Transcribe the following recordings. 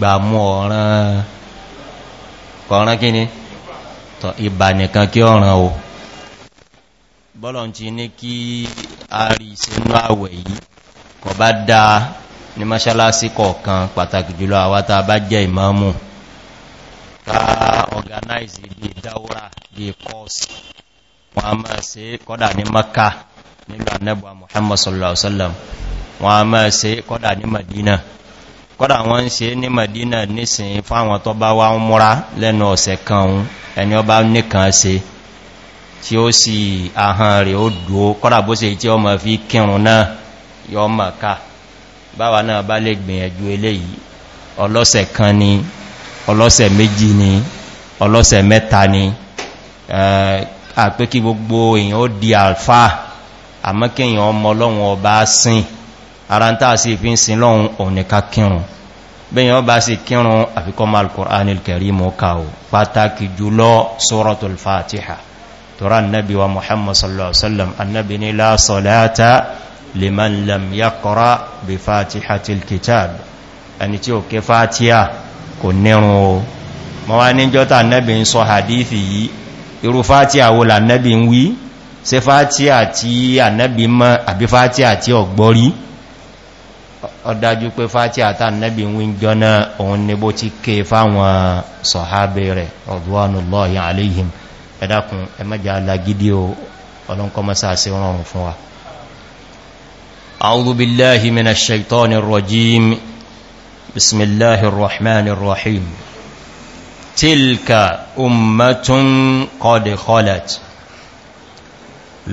gbà mú ọ̀ràn kọ̀ọ̀rán kí ni tọ̀ ìbà nìkan kí ọ̀ràn o bọ́lọ̀ ti ní kí a rí sínú àwẹ̀ yìí kọ̀ bá dá ní mọ́ṣálásí kọ̀ọ̀kan pàtàkì jùlọ àwátá bá jẹ́ ìmáàmù ká organize bí dáwọ́rà bí kọ́ọ̀sì wọ́n a máa se kọ́dà ní maka nílò anẹ́bà muhammadu sallallahu alaihi wasallam wọ́n a máa se kọ́dà ní madina kọ́dà wọ́n ń se ní madina nísìn fáwọn tó bá wá ń múra lẹ́nu ọ̀sẹ̀ kan ohun ẹni ọba nìkan se tí ó sì àhàn rẹ̀ ó dúó kọ́dà bó se tí ọmọ fi kírun náà yọ ọmọ báwa náà bá lè gbìyànjú eléyìí ọlọ́sẹ̀ kan ni di àlfà àmọ́kẹ́yàn ọmọ ọlọ́run ọba ara ń tàà sí fi ń sin lọ́run ọ̀nìká kírùn bẹ́yìn ọba sí kírùn àfikọ́mọ́ alkùnrin kẹrí mọ́ká o pàtàkì jùlọ sọ́rọ̀tul fatiha tọ́rọ annabi wa muhammad sallallahu alaihi wasallam annabi ni la salata liman lam yaqra bi fatihatil kitab ẹni tí ó ké fatiha kò nírun o mọ́ wá níjọ́ ta annabi ń sọ hadithi yìí irú fatiha wo la annabi ń wí se fatiha tí annabi mọ́ àbí fatiha tí ọgbọ́rí ọ̀dájú pé fàtí àtànẹ́bì ń wíjọ náà òun ní bó ti ké fáwọn sọ̀hábẹ̀ rẹ̀ ọ̀dọ́wọ́nùlọ́yìn aléhìm ẹ̀dàkùn ẹmẹ́jà أعوذ بالله من الشيطان الرجيم بسم الله الرحمن الرحيم تلك أمة قد خلت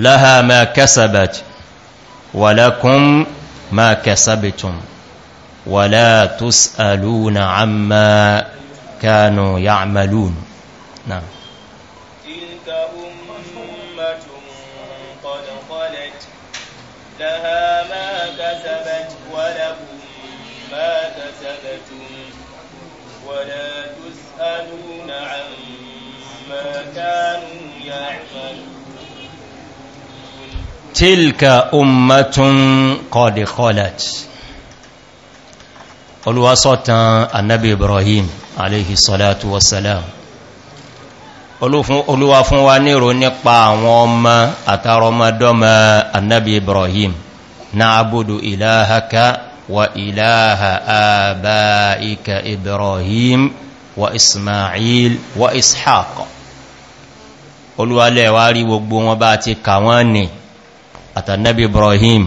لها ما كسبت ولكم ما كسبتم ولا تسألون عما كانوا يعملون نعم تلك أمة قد خلت لها ما كسبت ولكم ما كسبتم ولا تسألون عما كانوا يعملون tilka ummatun qad khalat Olúwa sọ tàn annabi Ibrahim alayhi salatu wassalam Olúwa fún wa nírò nípa àwọn ọmọ àtàrọmọdọ́mọ annabi Ibrahim na'budu ilahaka wa ilaha abaika Ibrahim wa Ismail wa Ishaq Olúwa lẹ́wàá rí gbogbo wọn bá ti kà ni àtànẹ́bí ibrahim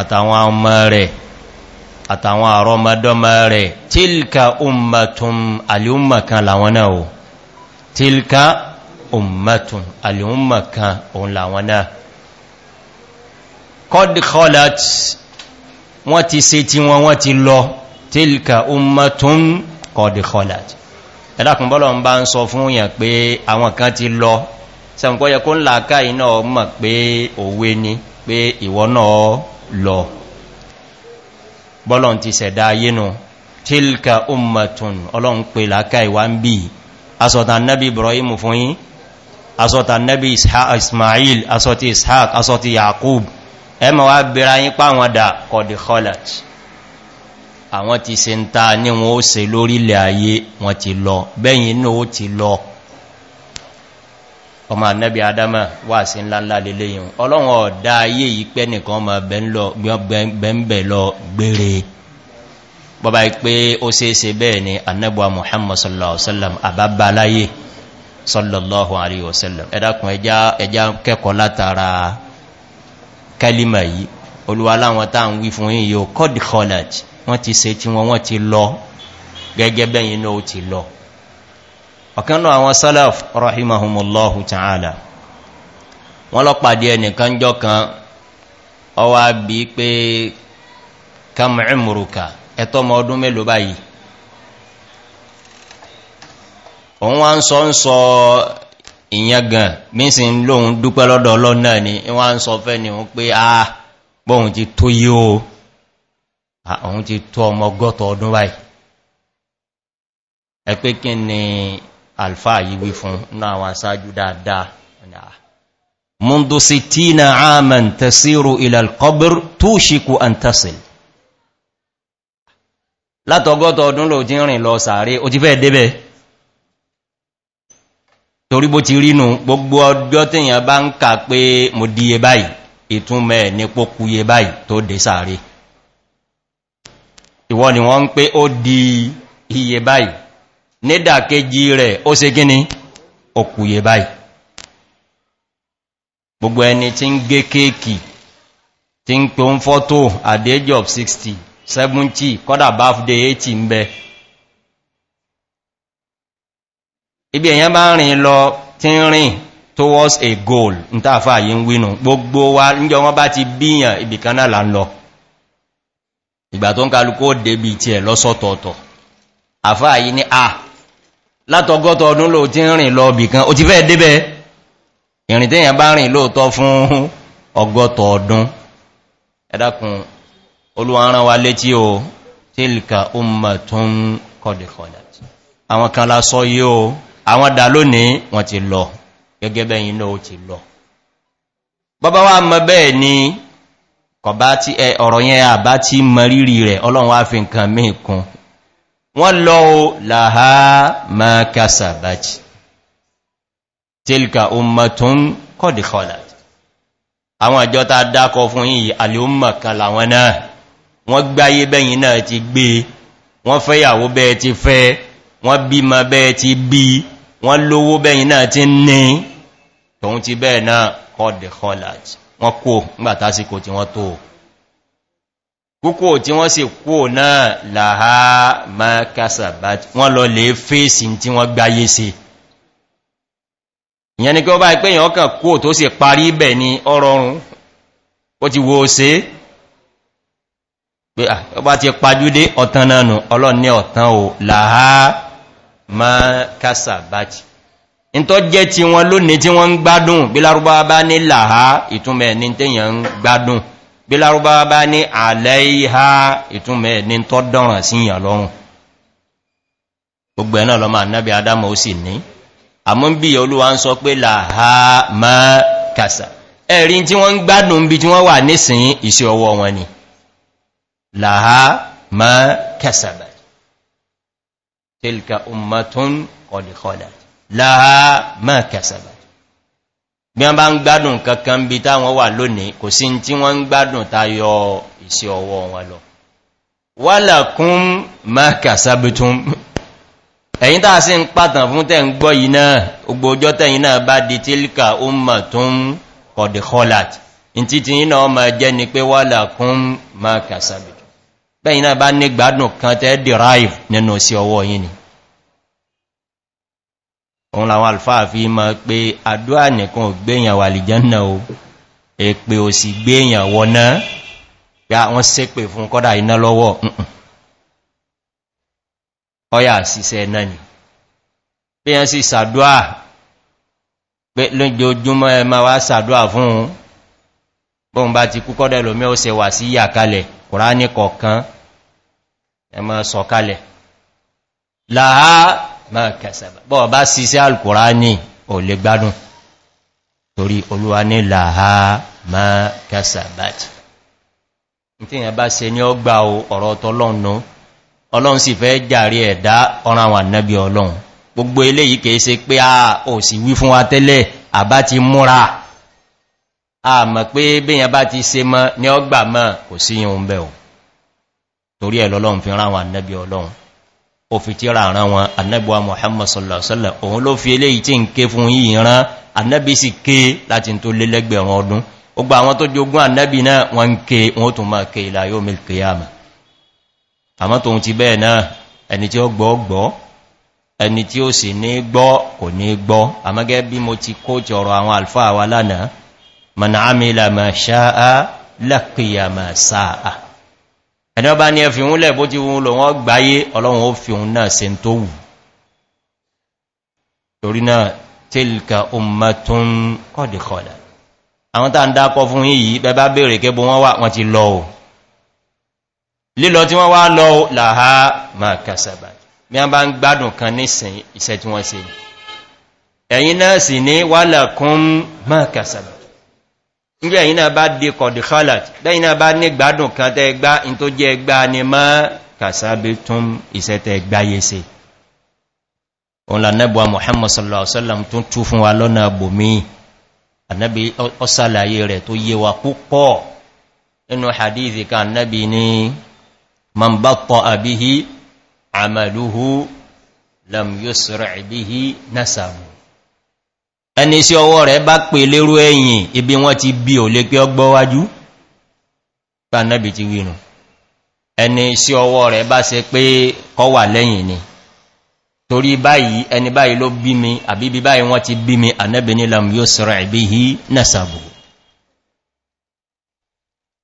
àtàwọn ọmọ rẹ̀ àtàwọn àrọmọdọ́mọ rẹ̀ tílka ummatun alìummakan làwọn náà o tílka ummatun alìummakan òun làwọn náà kọ́dìkọ́lát wọ́n ti se tí wọn wọ́n ti lọ tílka ummatun kọ́dìkọ́lát ẹlákùnbọ́lọ̀ ń bá ń sọ fún yàn pé àwọn kan ti lọ sẹ́mùkọ́ yẹ kó ń làáká iná ọmọ pé òwe ni pé ìwọ náà lọ bọ́lọ̀n ti sẹ̀dá ayénu tílka ummatun ọlọ́run pè làáká ìwà ń bí asọ̀tà nabi ibrahim fún yí asọ̀tà nabi ismail asọ̀tì ishaq asọ̀tì yakub ẹmọ wá bèèrè ayín páwọn dà kọ̀dì kọlẹ̀t àwọn ti se ń ta ní wọn ó se lórílẹ̀ ayé wọn ti lọ bẹ́yìn inú ó ti lọ ọmọ annabi adama wà sí ńláńlá lélé yìí ọlọ́run ọ̀dá ayé yìí pẹ́ nìkan ma bẹ̀m̀bẹ̀ lọ gbére bọ́bá pé ó séèsè bẹ́ẹ̀ ni annabuwa muhammad sallallahu alaihi wasallam àbábá aláyé sallallahu alaihi wasallam ẹ̀dàkùn ẹja kẹ́kọ̀ọ́ látara kalima yìí olúwa láwọn tá ń wí fún yíò kọ́dì college wọ́n ti se tí ọ̀kan àwọn salaf rahimahumullahu ta'ala wọ́n lọ pàdé ẹnìkan jọ kan ọwá bí pé kam'imuruka ẹ̀tọ́ ọmọ ọdún mélòó báyìí òun wá ń sọ ń sọ ìyẹn gan mínsì ń lóhun dúpẹ́ lọ́dọ̀ ni wọ́n ń sọ fẹ́ ni wọ́n ah ti tó o ah, ti tó ọmọ ọdún báyìí ẹ pé alfa yíwí fún náà wà sáájú dáadáa mundu sitina aman tasiru ila alqabr tushiku an tasil látọgọ́tọ̀ ọdún lò jí rìn lọ sàárè ó ti fẹ́ débẹ̀ torí bó ti rínú gbogbo ọjọ́ tíyàn bá ń kà pé mo díye báyìí ìtúnmẹ̀ ní pókúye báyìí tó dé sàárè ìwọ ni wọ́n ń pé di iye báyìí nídàkejì rẹ̀ ó se gíní òkúyè báyìí gbogbo ẹni tí ń gé kéèkì tí ń pè ń fọ́tò at the age of 60 70 kọ́dà birthday 80 ń bẹ ibi èyàn bá rìn lọ tí ń rìn towards a goal ní tààfà yìí ń wínú gbogbo wa níjọ wọn bá ti bíyàn ibìkan náà là ń lọ ìgbà tó ń kálukó débi tí ẹ̀ lọ́sọ̀tọ̀ọ̀tọ̀ àfáà yìí ní a ah, látọgọ́tọ̀ ọdún ló ti rìn lọ bìkan o ti fẹ́ débẹ̀ ìrìn tẹ́yàn bá rìn lóòtọ́ fún ọgọ́tọ̀ ọdún ẹ̀dàkùn olúwarán wa létí o tílka umma tó ń kọ́dìkọ́dà àwọn kan lásọ yí o àwọn dà lónìí wọ́n wa mọ ni kọ̀bá tí ọ̀rọ̀ yẹn àbá tí mọ rírì rẹ̀ wọ́n lọ láha ma kásàbájì tilka ummatun kọ́dì kọ́lá àwọn àjọ ta dákọ fún yìí alìúmà kan làwọn náà wọ́n gbáyé bẹ́yìn náà ti gbé wọ́n fẹ́yàwó bẹ́ẹ̀ ti fẹ́ wọ́n bí ma bẹ́ẹ̀ ti bí wọ́n lówó bẹ́yìn náà ti ní tòun ti bẹ́ẹ̀ náà kọ́dì kọ́lá wọ́n kó ngbàtásíkò tí wọ́n tó púpọ̀ tí wọ́n sì kú náà láhá máa kásàbá wọ́n lọ lè fèsì tí wọ́n gbáyé sí ìyẹn ni kí ó bá ipé èyàn kàn kú tó sì parí ibẹ̀ ni ọrọrun ó ti wo ṣe pé ó bá ti pàjúdé ọ̀tán náà nù ọlọ́ni ọ̀tán ò láhá máa kásàbá in tó jẹ́ ti wọn lónìí tí wọ́n ń gbádùn bí lárúbá bá ní láhá ìtúnmẹ̀ ní tẹ́yàn ń gbádùn bí lárúbáwá bá ní àlẹ́ìhá ìtúnmẹ́ ní tọ́ dọ́ràn sí ìyàn lọ́rùn gbogbo ẹ̀nà lọ máa nábi adáma ó sì ní àmọ́ ń bí olúwa ń sọ pé làá má kàsà ẹ̀rí tí wọ́n ń gbádùn bí tí wọ́n wà nísìn iṣẹ́ ọwọ́ wọn ni làá má kàsà bẹ̀ bí wọ́n bá ń gbádùn kankan bí táwọn wà lónìí kò sí tí wọ́n ń gbádùn tayọ ìṣẹ́ ọwọ́ wọn lọ wálàkún maka sábẹ̀tún ẹ̀yìn tàà sí ń pàtàn fún tẹ́ ń gbọ́ yìí náà tẹ́yìn náà bá di tílkà ó tó ń kọ̀dì in títí derive nínú sí ọwọ́ òun làwọn alfáà fi mọ́ pé àdúwà nìkan ò gbéyàn wà lè jẹ́nà o èpè ò sì gbéyàn wọná ya wọ́n sé pè fún kọ́dà iná lọ́wọ́ ọya síṣẹ́ náà ni pé yẹn sì sàdúà pé lójoojúmọ́ ẹ ma wá sàdúà fún un bóhun bá ti kú kọ́dà lómi ó se wà sí yàkalẹ̀ kùránì kọ̀ọ̀kan ẹ ma sọ̀kalẹ̀ làá ma kẹsàbà bọ́ bá síṣẹ́ alkùránì ò lè gbádùn torí olúwa ní làá ma kẹsàbà tí yẹn bá se ní ọgbà ọ̀rọ̀ tọ́lọ́nà ọlọ́run sì fẹ́ jàrí ẹ̀dá ọ̀rọ̀ àwọn ànábí ọlọ́run gbogbo eléyìí a ò sì wí fún wa tẹ́lẹ̀ àbá ti múra a mọ̀ pé bíyàn torí ẹ̀ fi ránwà nẹ́bí ọlọ́run òfìtíra àrán wọn annabuwa muhammad sallallahu alaihi wasallam òun ló fi eléyìí tí ń ké fún yìí ran annabi sì ké láti tó lélẹ́gbẹ̀rún ọdún ó gba àwọn tó jogún annabi náà wọ́n ń ké wọ́n tó máa ké ìlà yóò milk yàmà àmọ́ ẹ̀dọ́ bá ní ẹfì ìhúnlẹ̀ bó ti wọ́n lọ wọ́n gbáyé ọlọ́run ó fi òun náà se ń tó wù torí náà tílka ummatun kọ́dìkọ́dà àwọn tàà ń dápọ̀ fún yìí bẹba bèèrè kébò wọ́n wà wọ́n ti lọ o lílọ tí wọ́n wá lọ làá ma kàsàbà bí wọ́n bá ń gbádùn kan ní ìsẹ̀ tí wọ́n se ẹ̀yìn náà sì ní wálàkún ma kàsàbà ní ẹ̀yìn náà bá dé kọ̀dì khalat lẹ́yìn náà bá ní gbádùn kan tẹ́ gbá in tó jẹ́ gbá ní mọ́ kàsábé tún ìsẹ́tẹ̀ gbáyé se òun là nẹ́bùwa mohamed sallallahu alaihi wasallam tún tú fún wa lọ́nà bòmí ànábi ọ́sàlàyé rẹ̀ tó yé wa púpọ̀ nínú hadithi kan ẹni sí ọwọ́ rẹ̀ bá pè lérú ẹ̀yìn ibi wọ́n ti bí ò lè pé ọgbọ́ wájú pàánàbì ti wínú ẹni sí ọwọ́ rẹ̀ bá se pé kọ wà lẹ́yìn ni torí báyìí ẹni báyìí ló bí mi àbíbí báyìí wọ́n ti bí mi ànẹ́bì nílam yóò sọ́rọ̀ ìbí hí nẹ́sàbò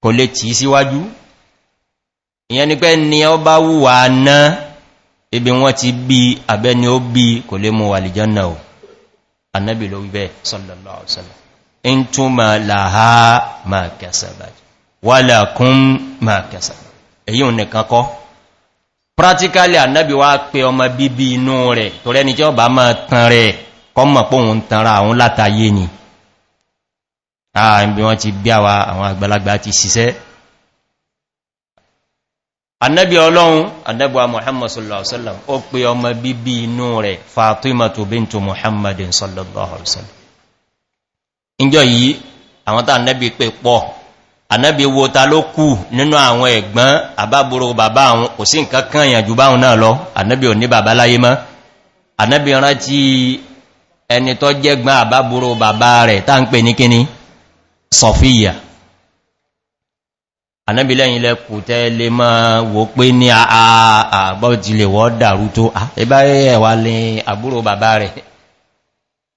kò lè tí síwájú ìyẹn ni pé ni ọ bá wùwà náà ibi wọ́n ti bí àbẹ́ni ó bí kò lè mú wà lè náà annabi ló wíbẹ̀ sallallahu ala'uwa in tún ma láha ma kẹsàbà wàlá kún ma kẹsàbà èyí ò nìkan kọ́ practically annabi wá pé ọmọ bíbí inú rẹ̀ tó rẹ́ni tí ó bá máa tan rẹ̀ kọ́ mọ̀ pé òun tanra àwọn látayé ni ààbí ah, wọ́n ti bí àwọn àgbàlagbà ti ṣiṣẹ́ annabi ọlọ́run adagba muhammad sallallahu alaihi wasallam ó pe ọmọ bíbí inú rẹ̀ fatimatu bintu muhammadin sallallahu alaihi wasallam injọ yìí àwọn tá annabi pe pọ̀ annabi wo ta ló kú nínú àwọn ẹ̀gbọ́n àbábúrò bàbá àwọn kò sí nǹkan kan ìyànjú báhùn náà lọ annabi ò ní bàbá láyé mọ́ annabi rántí ẹni tó jẹ́gbọ́n àbábúrò bàbá rẹ̀ tá ń pè ní kíní sọfíyà anábìlẹ́yìn lẹ́kù tẹ́ lè máa wò pé ní àbọ́jìlè wọ́n dàrú tó ẹbáyé ẹ̀wà lè àbúrò bàbá rẹ̀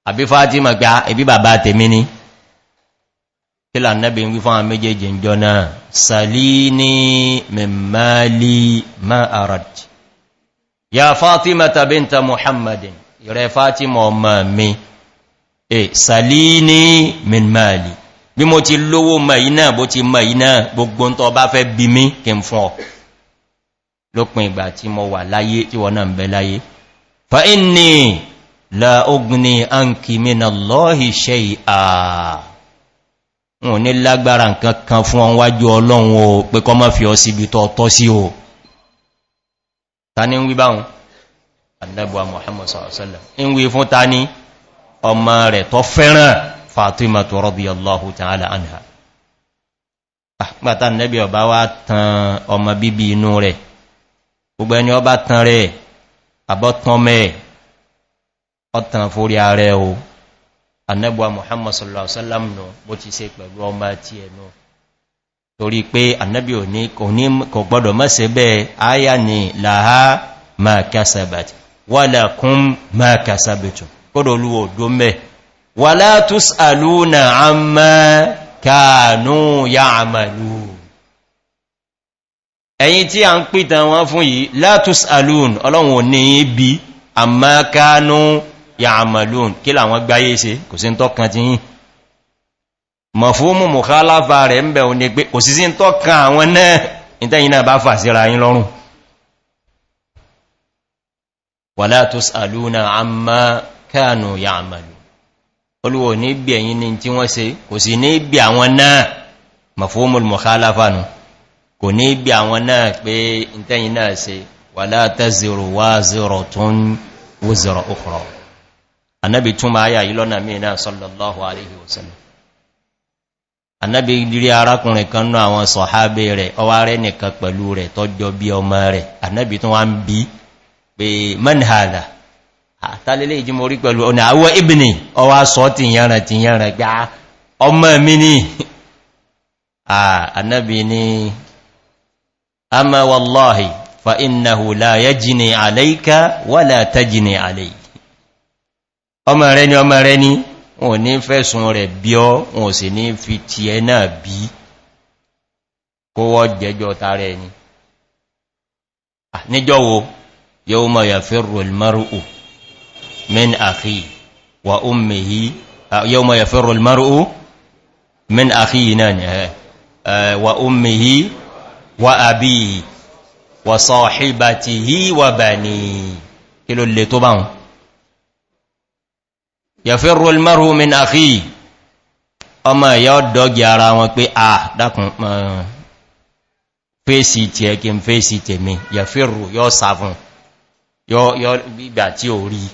àbí fátímà gbá ẹbí bàbá tèmi ní kílà nẹ́bì ń wí fún àwọn jọ náà sàlí ní mẹ́màálí ma'arad ya fátímà tàbí ta muhammadin rẹ̀ fátímà ọmọ eh sàlí ní mẹ́màálí bí mo ti lówó mọ̀ iná bó ti mọ̀ iná gbogbo ń tọ́ bá fẹ́ bí mí kí n fún ọ lópin ìgbà tí mo wà láyé tí wọ́n náà ń bẹ láyé fa inni la ogni anki mina lọ́hì ṣe à wọn ní lágbára nǹkan kan fún ọ wájú ọlọ́run ń wí báhùn annabuwa muhammadu sallallahu alaihi ọmọ rẹ̀ tọ́ fẹ́ràn fàtímàtò rọ́bí allahu ta'ala anha pàtà ah, nẹ́bí ọba wá tan ọmọ bíbí inú rẹ̀ gbogbo ẹni ọba tan rẹ̀ àbọ́tán mẹ́ ọ̀tàn fórí ààrẹ o anẹ́bùwa muhammad sallallahu alaihi wasallam nù bó ti se pẹ̀lú ọmọ tí ẹnu torí pé anẹ́bí kò gbọ́dọ̀ mẹ́sẹ̀ bẹ́ẹ̀ áyà ni làá máa kásàbàtì wọ́lẹ̀kún máa kásàbàtì kódò olúwo dó wàlá túsàlúnà àmà kàánú ya àmàlú ẹ̀yìn tí a ń pìtà wọn fún yìí látúsàlún ọlọ́run ò ní ibi àmà kàánú ya àmàlú kí làwọn gbáyé ṣe kò sí ń tọ́kan ti yìn mọ̀ fún mú mú kálàfà rẹ̀ ń bẹ̀ ò ní olúwò ní bí ẹ̀yìn ní tí wọ́n se kò sí ní bí àwọn náà mafomul mọ̀kálàfàánù kò ní bí àwọn náà pé ìtẹ́yìn náà se wà látẹ́ zero wá zero tún wó zero okùrọ̀ annabi tún ma yà yí lọ́nà mìíràn sallallahu alaihi wasallam annabi rí arákùnrin kan náà àwọn sọ̀hábé rẹ̀ ọwá rẹ̀ nìkan pẹ̀lú rẹ̀ tọ́jọ bí ọmọ rẹ̀ annabi tún wá ń bí pé manhada àtàlélé ah, ìjímọ̀ orí pẹ̀lú ọ̀nà àwọ̀ ìbìnì ọwá sọ ti yànrà ti yànrà gbá ah, ọmọ mi ní ah, ànábì ní amáwàláhì fa iná hùlá yẹ jìnì àlẹ́íká wà látà jìnì àlẹ́ ọmọ rẹ ni ọmọ rẹ yóò mọ̀ yà fẹ́rù ìlmọ́rùn-ún min akhi wa ummihi yawma yafirru almar'u min akhi nan wa ummihi wa abihi wa sahibatihi wa bani kilo le to baun yafirru almar'u min akhi ọmọ ìyá ọ̀dọ́gì ara wọn pé à dákùn fèsì tí ẹ kí n fèsì tèmi yẹ̀fẹ́rù yọ́ sàfún yọ́ gbígbà tí ò rí i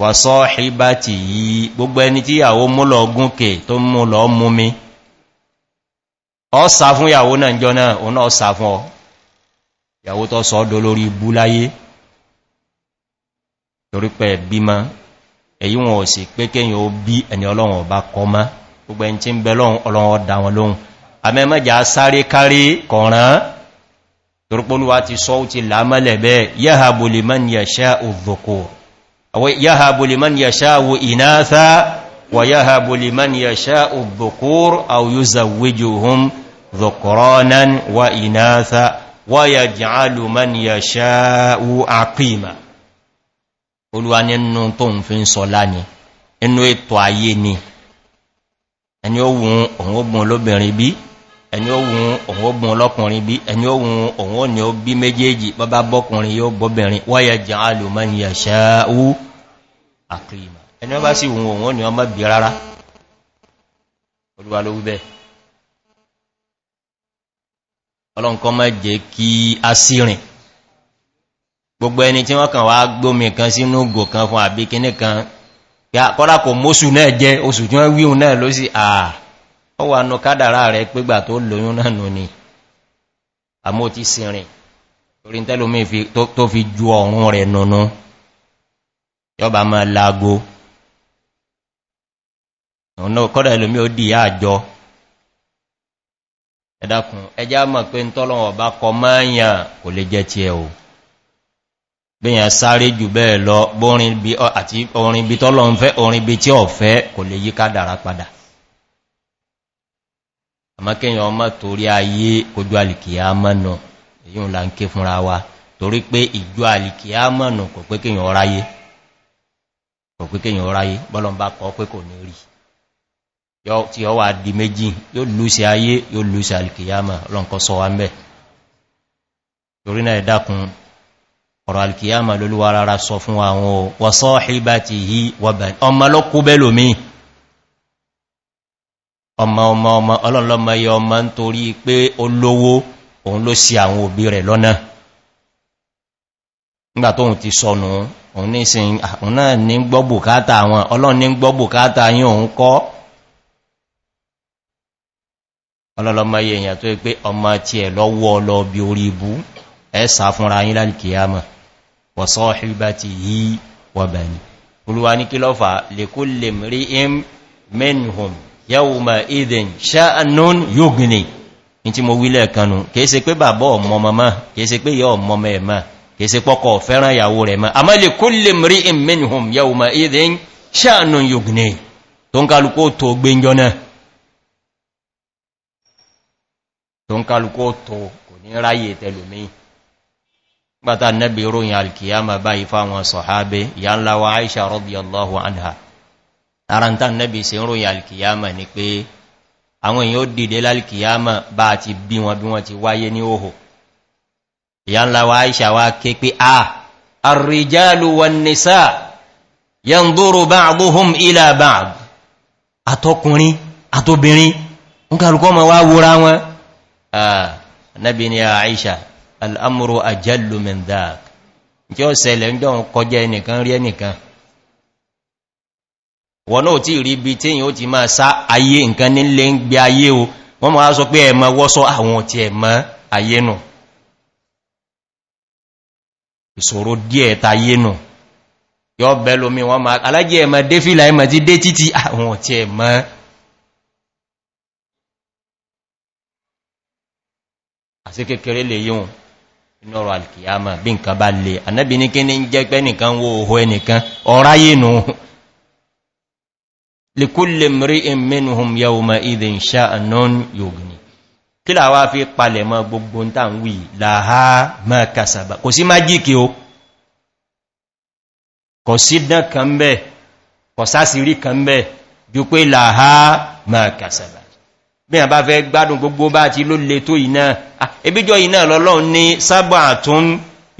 wàsọ́ ìbá ti yìí gbogbo ẹni tí ìyàwó múlọ gúnkè tó múlọ mú mi ọ́sà fún ìyàwó náà jọ náà òun náà sà fún ọ ìyàwó tó sọ ọdọ lórí ibú láyé torípẹ̀ bímọ èyí wọn ò sì pé kéyàn ó bí ẹni ọlọ́run ọba kọ mọ́ gbogbo ẹni tí ń bẹ يهب لمن يشاء إناثا ويهب لمن يشاء الذكور أو يزوجهم ذكرانا وإناثا ويجعل من يشاء عقيما olúwa ní ẹnu tó ń fi ń sọlá ni ẹnu ètò ayé ni ẹni ó wùn òun ó gbùn olóbìnrin bí ẹni ohun òun ó gbọ́n lọ́kùnrin bí ẹni ohun òun ó ní ó bí méjèèjì bọ́bá bọ́kùnrin yóò bọ́bìnrin wáyẹ jẹ́ alùmọ́ni ẹ̀ṣẹ́ ó àkìmà ẹni ọba sí ohun òun ni ní ọmọ bí rárá olúwa ló wú bẹ́ẹ̀ ọlọ́nkọ́ mọ́ jẹ́ kí a sí rìn gbogbo ẹni ó wà nù kádàrá rẹ̀ pégbà tó lóyún náà nù ni àmó ti sinrin torí tẹ́lómí tó fi ju ọ̀run rẹ̀ nùnú yọba máa láago ọ̀nà kọ́dà ilomi ó dì àjọ ẹ̀dàkùn ẹjá mọ̀ pé tọ́lọ̀wọ̀ bá kọ máyàn kò lè jẹ́ ti ẹ̀ padà àmá kíyàn ọmọ torí ayé ojú alìkìyà mọ́nà èyí ń la ń ké fúnra wa torí pé ìjú alìkìyà mọ́nà kò pé kíyàn ọráyé kò pé kíyàn ọráyé bọ́lọ̀ bá kọ́ pé kò ní rí tí ọ wà di méjì yóò lúsí ayé yóò lúsí alìkìyà mọ́ ọlọ́nkọ́ sọ wa mẹ́ ọmọ ọmọ ọmọ ọlọ́lọ́mọ yọ ọmọ ń torí pé olówó òun ló sí àwọn òbí rẹ̀ lọ́nà nígbà tóhun ti sọnù òun ní sin àwọn náà ní gbọ́bù káàtà àwọn ọlọ́run ní gbọ́bù káàtà yí òun kọ́ ọlọ́lọ́mọ pé ọ yàwùmà ìdìn ṣáànún yógìnì in ti mo wílẹ̀ kanú kèése pé bàbá ọmọ mọ́má kèése pé yọ ọmọ mẹ́ẹ̀má kèése pọ́kọ̀ fẹ́ràn ìyàwó rẹ̀ máa àmá lè kó lè mrí ìmìnhùn yàwùmà ìdìn ṣáànún yógìnì tó ń kálukó tó gbéjọ náà tó ń kálukó tó kò ní àrántà nẹ́bí se ń ròyìn alkiyama ni pé àwọn èèyàn ó dìde lálkiyama bá ti bí wọn bí wọn ti wáyé ní òhò ìyá ńlá wa aisha wa ké pé a arrijalu wan nisa yanzuru ba'dhum ila ba'd àtọkùnrin àtobìnrin ń kàrùkọ́ ma wá wúra wọn nẹ́bí ni aisha al'amuru ajallu min wọ́n náà tí rí ibi tí yíò ti máa sá ayé nǹkan nílé ń gbé ayé o wọ́n máa sọ pé ẹ̀mọ́ wọ́sọ́ àwọn ti ẹ̀mọ́ ayé nù ìṣòro díẹ̀ ta ayé nù yọ́ bẹ́ lómi wọ́n máa alájí ẹ̀mọ́ dé fílà ẹ̀mọ́ ti dé títí àwọn ti ẹ̀mọ́ àti kékeré lè yíò inú ọ̀rọ̀ bí nǹkan bá lè anábi ní jẹ́ pẹ́ nìkan wo òhò ẹnìkan ọ̀ráyé nù lèkúlè mìírín mìírànhùn yàwòmà ìdè ìṣà anon yògùnì kí làwá fi palẹ̀ mọ́ gbogbo ta ń wì láhá mọ́ kàsàbà kò sí májíkì o kò sí dán kan bẹ́ kò sásìrí kan bẹ́ ju pé láhá mọ́ kàsàbà bí a bá fẹ́ gbádùn gbogbo bá ti ló le tó iná ebíjọ iná lọ́lọ́run ní sábà tún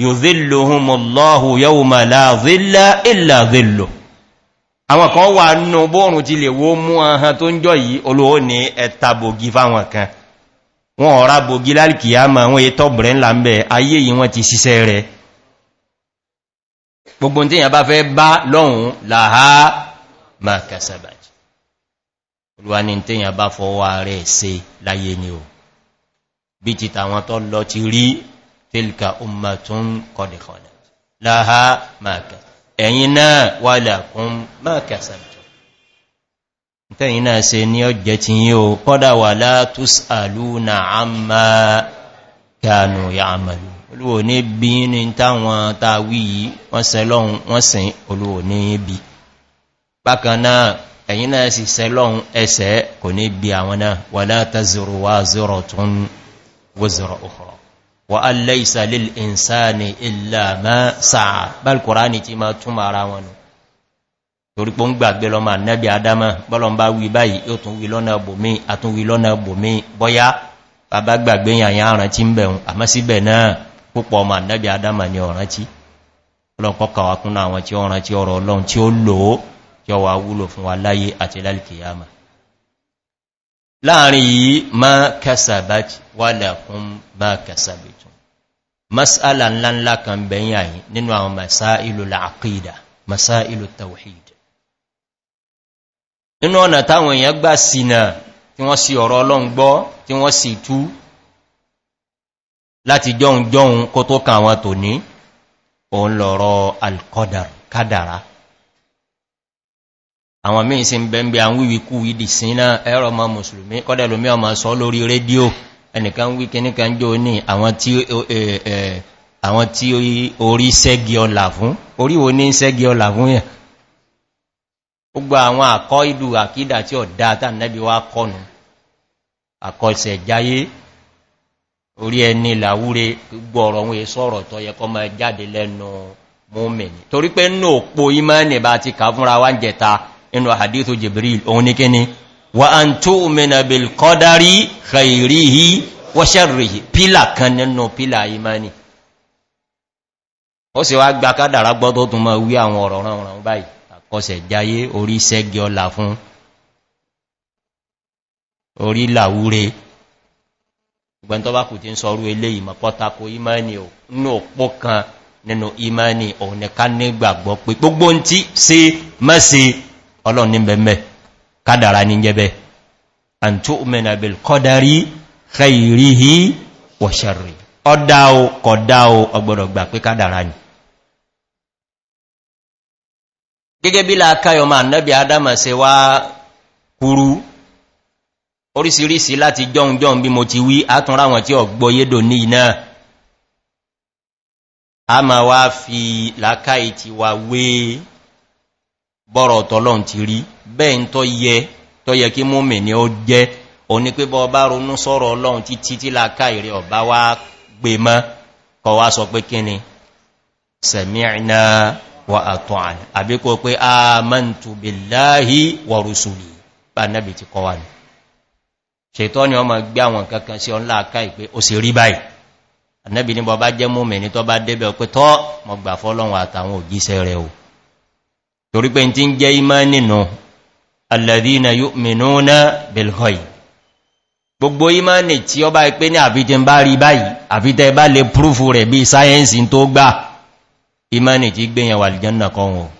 yóò zílò àwọn kan wà nù bóòrùn ti lè wó mú ọ̀hán tó ń jọ yìí olówó ní ẹta bògí fáwọn kan wọ́n ọ̀rá bògí lálìkìyà ma wọ́n ètò bẹ̀rẹ̀ ńlá ń bẹ̀ ayé yìí wọ́n ti ṣiṣẹ́ rẹ̀ gbogbo tí yàn bá fẹ́ bá lọ́hun láhá ma kàsàbàjì ẹ̀yìn náà wà lákún máa kẹsàbtọ̀ tẹ́yìn náà se ní ọjẹ́ ti yí o kọ́dà wà látús àlúnà àmà kànù ya àmàlù olúwò ní bí ní táwọn tàwí yìí wọ́n sẹlọ́un wọ́n sìn olúwò ní bí bákanáà ẹ̀yìn náà sì sẹlọ́un ẹsẹ̀ kò ní bí àwọn náà wà látàzọrọ̀ wà tún wọ́zọrọ̀ òkọ̀rọ̀ wa aláìsà lil ìnsáni ilá ma sáà bálkùránì tí ma túnmà ara wọn nù torí pọ́ ń gbàgbé lọ́mà nẹ́bí adama bọ́lọ̀n bá wí báyìí yóò tún wí lọ́nà bòmí àtúnwí lọ́nà bòmí bọ́yá bàbá gbàgbé yàyà ọ̀ràn tí ń bẹ̀rùn àmọ́ síbẹ̀ náà púpọ̀ ọmọ nẹ́bí adama ni ọ̀ràn tí ọlọ́pọ̀ láàrin yìí ma kẹsàbájì wà lẹ́kún bá kẹsàbìtún masala ńláńlá kan bẹ̀yìn àyí nínú àwọn masá ìlú la'aqida masá ìlú tawhid nínú ọ̀nà táwọn èèyàn gbà sínà tí wọ́n sí ọ̀rọ̀ ọlọ́ngbọ́ tí wọ́n sì tú láti jọun jọun kó tó kàn wọn òun lọ̀rọ̀ alkọ́dàrá àwọn míì sí bẹ̀m̀bẹ̀ àwọn wíwíkú ìdì síná ẹ̀rọ ma mùsùlùmí kọ́dẹ̀lómí ọmọ sọ lórí rédíò ẹnìkan wí kìníkan jò ní àwọn tí orí sẹ́gi ọlà fún orí wo ní sẹ́gi ọlà fún yẹn gbogbo àwọn àkọ́ ìdù àkídà tí ọ̀ dáadáa nẹ́bí wá kọ́nù àkọsẹ̀ jáyé orí ẹni làwúre gbọ́ ọ̀rọ̀ wọn sọ́rọ̀ tọ́ yẹ kọ́ máa jáde lẹ́nu mọ́mẹ̀ni torí pé ní òpó ìmọ́ ní bá ti kà fúnra wá ń jẹta inú hadithu jibril òun ní kíni wa an tó mẹ́nà bil kọ́dárí khairihi wọ́ṣẹ́rìhì pílà kan nínú pílà imani ó sì wá gba kádàrá gbọ́dọ̀ tún ma wí àwọn ọ̀rọ̀ ránran báyìí àkọsẹ̀ jáyé orí sẹ́gì ọlà fún orí làwúre ìgbẹ̀n tó bá kù ti ń sọrú ilé ìmọ̀pọ́tako imani ò ní òpó kan nínú imani òun nìkan nígbàgbọ́ pé gbogbo ń tí se ọlọ́run ní bẹ̀mẹ́ kádàrà ní jẹ́bẹ̀ and tó mẹ́nà bil kọ́darí kẹ́ìríhì wọ̀ṣẹ̀rì ọdáo kọ̀dáo ọgbọ̀dọ̀gbà pé kádàrà ní gẹ́gẹ́ bí láàkáyọ ma nẹ́bí adama se wá kúrú orísìírísìí láti jọun jọun bí mo ti wí átúnra wọn tí ọgbọ́ yédò ní iná a ma wá fi láàkáyì ti wá wé bọ́rọ̀ tọ́lọ́n ti rí bẹ́ẹ̀ ń tọ́ yẹ tọ́ yẹ kí múmi ni ó jẹ́ òní pé bọ́ bá ronú sọ́rọ̀ ọlọ́run títí tí láká ìrẹ ọ̀bá wá gbé mọ́ kọ wá sọ pé kíni sẹ̀mìrìnà wà àtọ́ ni ọmọ gbé àwọn kankan sí ọlá aká ìpé ó sì rí báyìí anẹ́bì ní bọ́ bá jẹ́ múmi ní torí pé tí ń jẹ́ ìmánìnà alàdínà yóò mìnúnà belhoi gbogbo ìmánì tí ọ bá pé ní àfitẹ́ bá rí báyìí àfitẹ́ bá lè púrúfù rẹ̀ bí sáyẹ́nsì tó gbà ìmánì tí gbéyàn wà lìjọ́nà kan wọ́n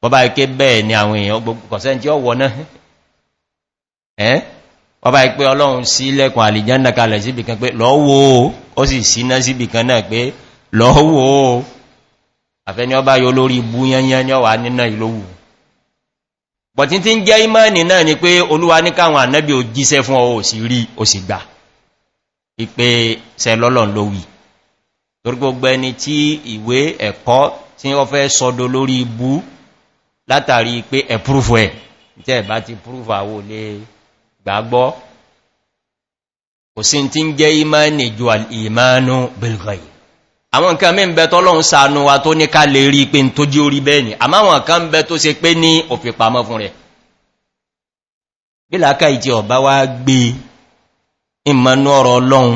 bọ́bá ike bẹ́ẹ̀ ni àwọn èèyàn kọ̀sẹ́ tí ó wọ náà ẹ́ bọ́bá ike ọlọ́run sí lẹ́kùn àlìjọ́nà kalẹ̀ síbìkan pé lọ́wọ́ ó sì síná síbìkan náà pé lọ́wọ́ àfẹ́ni ọba yóò lórí ibú yányán ní ọwà nínà ìlówù bọ̀tí tí ń jẹ́ ìmọ̀ni náà ni pé olúwa ní káwọn ànẹ́bí ò jíṣẹ́ fún ọwọ́ òsì rí òsì gbà ipé sẹ lọ́lọ́n lówì torí gbogbo ẹni tí ìwé ẹ̀kọ́ tí wọ́n fẹ́ sọdọ lórí ibú látàrí pé ẹ̀ púrúfù ẹ̀ tẹ́ kò sí ti ń jẹ́ ìmọ̀ni ju al-imanu àwọn nǹkan mí ń bẹ tọ́lọ́run sàánú wa tó ní ká lè rí pé tó jí orí bẹ́ẹ̀ ni àmá àwọn nǹkan bẹ tó se pé ní òfin fún rẹ̀ bí làákà ọ̀bá wá gbé ìmọ̀nú ọ̀rọ̀ ọlọ́run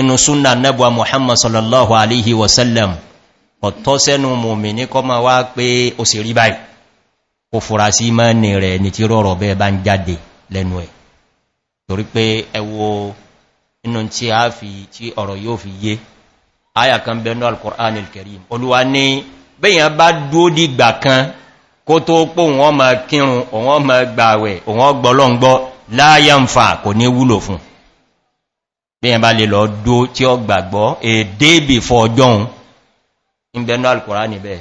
inú súnà nẹ́bùwa muhammad sallallahu alaihi wasallam ọ̀tọ́ sẹ́nu mọ̀mí ní kọ́ ma wá pé ó sì rí báyìí kò fura sí mọ́ni rẹ̀ ní tí rọrọ̀ bẹ́ẹ̀ ọ̀rọ̀ yóò fi yé aya kan bẹnu al-qur'an al-karim olúwa ní bẹ́yàn bá dúó dìgbà kan kó tó pò wọ́n ma kírun òun ma gbàwẹ̀ òun gbọ́lọ́ngbọ́ láyá ń fa kò ní wúlò fún bẹ́yàn bá lè lọ dúó tí ó gbàgbọ́ èdè bì fọ́ ọjọ́un in bẹnu al-qur'an bẹ́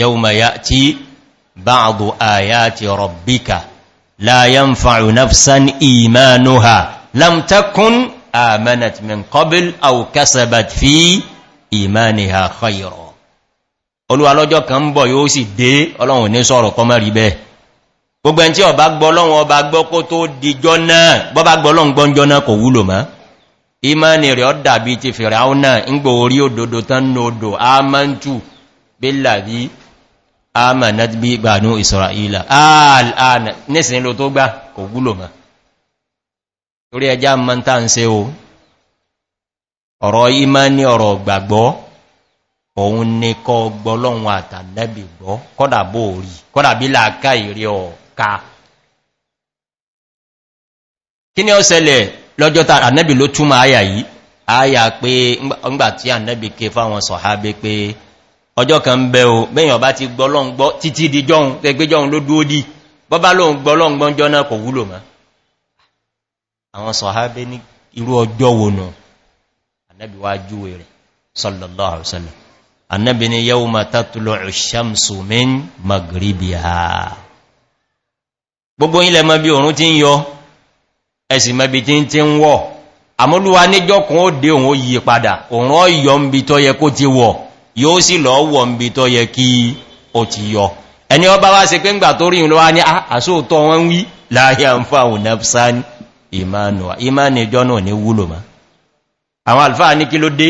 yawma ya'ti ba'du ayati rabbika la yanfa'u nafsan imanuha lam takun آمنت من قبل أو كسبت في إيمانها خيرا olúwa lọ́jọ́ kan ń bọ̀ yóò sì dé ọlọ́run ní sọ́rọ̀ kọ mọ́ rí bẹ́ gbogbo ẹn tí ọba gbọ́ ọlọ́run ọba gbọ́ kó tó dìjọ́ náà bọ́bá gbọ́ ọlọ́run gbọ́njọ́ náà kò wúlò mọ́ ìmọ́ni rẹ̀ ọ́dàbí ti fèrè torí ẹjá mọ́ntá ń se o ọ̀rọ̀ yí máa ní ọ̀rọ̀ gbàgbọ́ òun ní kọ gbọ́lọ́run àtàlẹ́bì gbọ́ kọ́dà bó rí kọ́dà bí láàká ìrí ọ̀ká kí ni ó sẹlẹ̀ lọ́jọ́ ta ànẹ́bì ló túnmà áyà yìí áyà pé ńgbà ànẹ́bì ké fáwọn sọ̀hábé pé ọjọ́ kan bẹ́ o bẹ́yàn bá ti gbọ́lọ́ngbọ́ títí di jọun tẹgbẹ́jọun ló dúó dì bọ́bá lóun gbọ́lọ́ngbọ́njọ́ náà kò wúlò máa àwọn sọ̀hábé ní irú ọjọ́ wo nù annabi wá júwe rẹ̀ sallallahu alaihi wasallam annabi ni yau ma tattulo shamsu min magribiha gbogbo ilẹ̀ ma bí òrùn ti ń yọ ẹ̀sì ma bí tí ń ti ń wọ̀ àmúlúwa níjọ́ kan ó dé òun ó yí padà òun ó yọ ń bí tọ́ yẹ kó ti wọ̀ yóò sì lọ wọ̀ ń bí tọ́ yẹ kí ó ti yọ ẹni ọba wá se pé ń gbà tó rí ìlú wá ní ah, àsóòtọ́ wọn wí láàrin àǹfà òun náà sáà ní ìmánu ìmánu ìjọ náà ní wúlò ma àwọn alfáà ní kí ló dé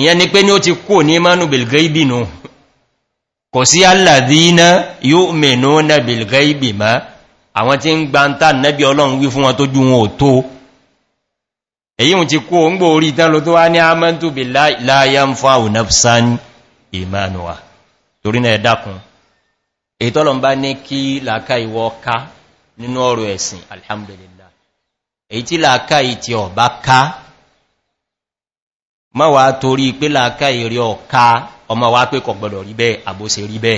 ìyẹn ni pé ní ó ti kò ní ìmánu bilgaibi nù kò sí alàdíná yóò mẹ́nu na bilgaibi ma àwọn tí ń gbántà nẹ́bí ọlọ́run wí fún wọn tó jú wọn ò tó èyí ń ti kó ń gbò orí ìtàn ló tó wá ní amẹ́ntù bí láyá ń kí làkà ìwọ ká nínú ọrọ̀ ẹ̀sìn alhamdulillah èyí tí làákà ìtì ọ̀bá ká ma wà torí pé làákà ìrẹ ọ̀ká ọmọ wá pé kọ̀gbọ̀dọ̀ rí bẹ́ àbóse rí bẹ́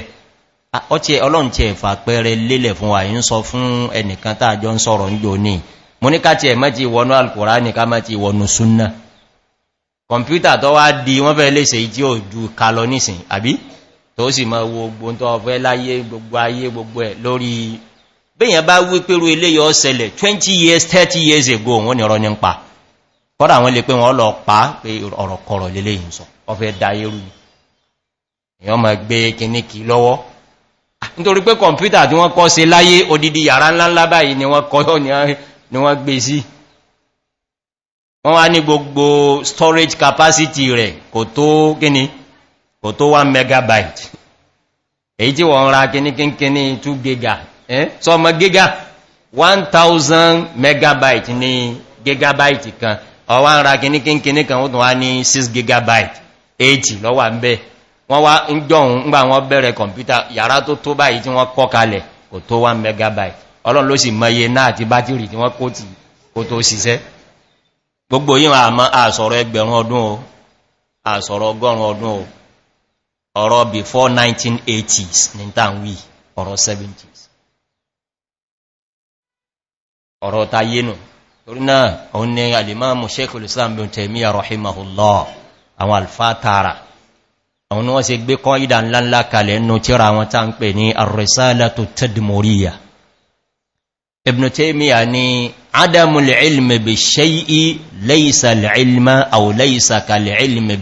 ọtí ọlọ́run ti ẹ̀fà pẹ́rẹ lélẹ̀ fún wa ń sọ fún ẹnìkan tàà jọ ń sọ̀rọ̀ ń jò ní mo ní káti ẹ̀ ti wọnú alkùnrá ní ká mọ́ ti wọnú súnnà kọmpútà tó wá di wọ́n fẹ́ léṣe tí ó ju kalọ nísìn àbí tó sì mọ́ wo gbóntọ́ fẹ́ láyé gbogbo ayé gbogbo ẹ̀ lórí bẹ́yàn bá wí pẹ̀rú eléyọ ọ̀sẹ̀lẹ̀ 20 years 30 years ago wọ́n ni ọ̀rọ̀ ní ń pa kọ́dà wọ́n lè pé wọ́n lọ pa pé ọ̀rọ̀ kọ̀rọ̀ lélẹ́yìn sọ ọfẹ́ ma gbé kìníkì odidi yàrá ńláńlá báyìí ni wọ́n ni kò tó 1 megabyte èyí tí wọ́n ra 2 gigabyte Eh? so ọmọ giga 1000 megabyte ní gigabyte kan ọwá nra ra kan otu tún ní 6 gigabyte 8 lọ́wà ń nbe wọ́n wá ń jọun ńgbà wọ́n bẹ̀rẹ̀ yara tó tó báyìí tí wọ́n kọ́ kalẹ̀ 1 megabyte ọlọ́run ló sì mọye náà àti bátìrì tí wọ́n kó tí kó gbogbo yíwọ̀n àmọ́ àsọ̀rọ̀ ẹgbẹ̀rún ọdún o àsọ̀rọ̀ 1980s 70s ọ̀rọ̀ ta yénù torí náà òun ni alìmáàmù sheikul islam bin taimiyya rahimahullah àwọn alfatara àwọn ni wọ́n se gbé kọ́ ìdá ńláńlá kalẹ̀ nù tíra wọn ta ń pè ní arìsálàtò tadmoriya ibn taimiyya ni adamul ilmi bi shai'i laisa al'ilma au laisa kal'ilmi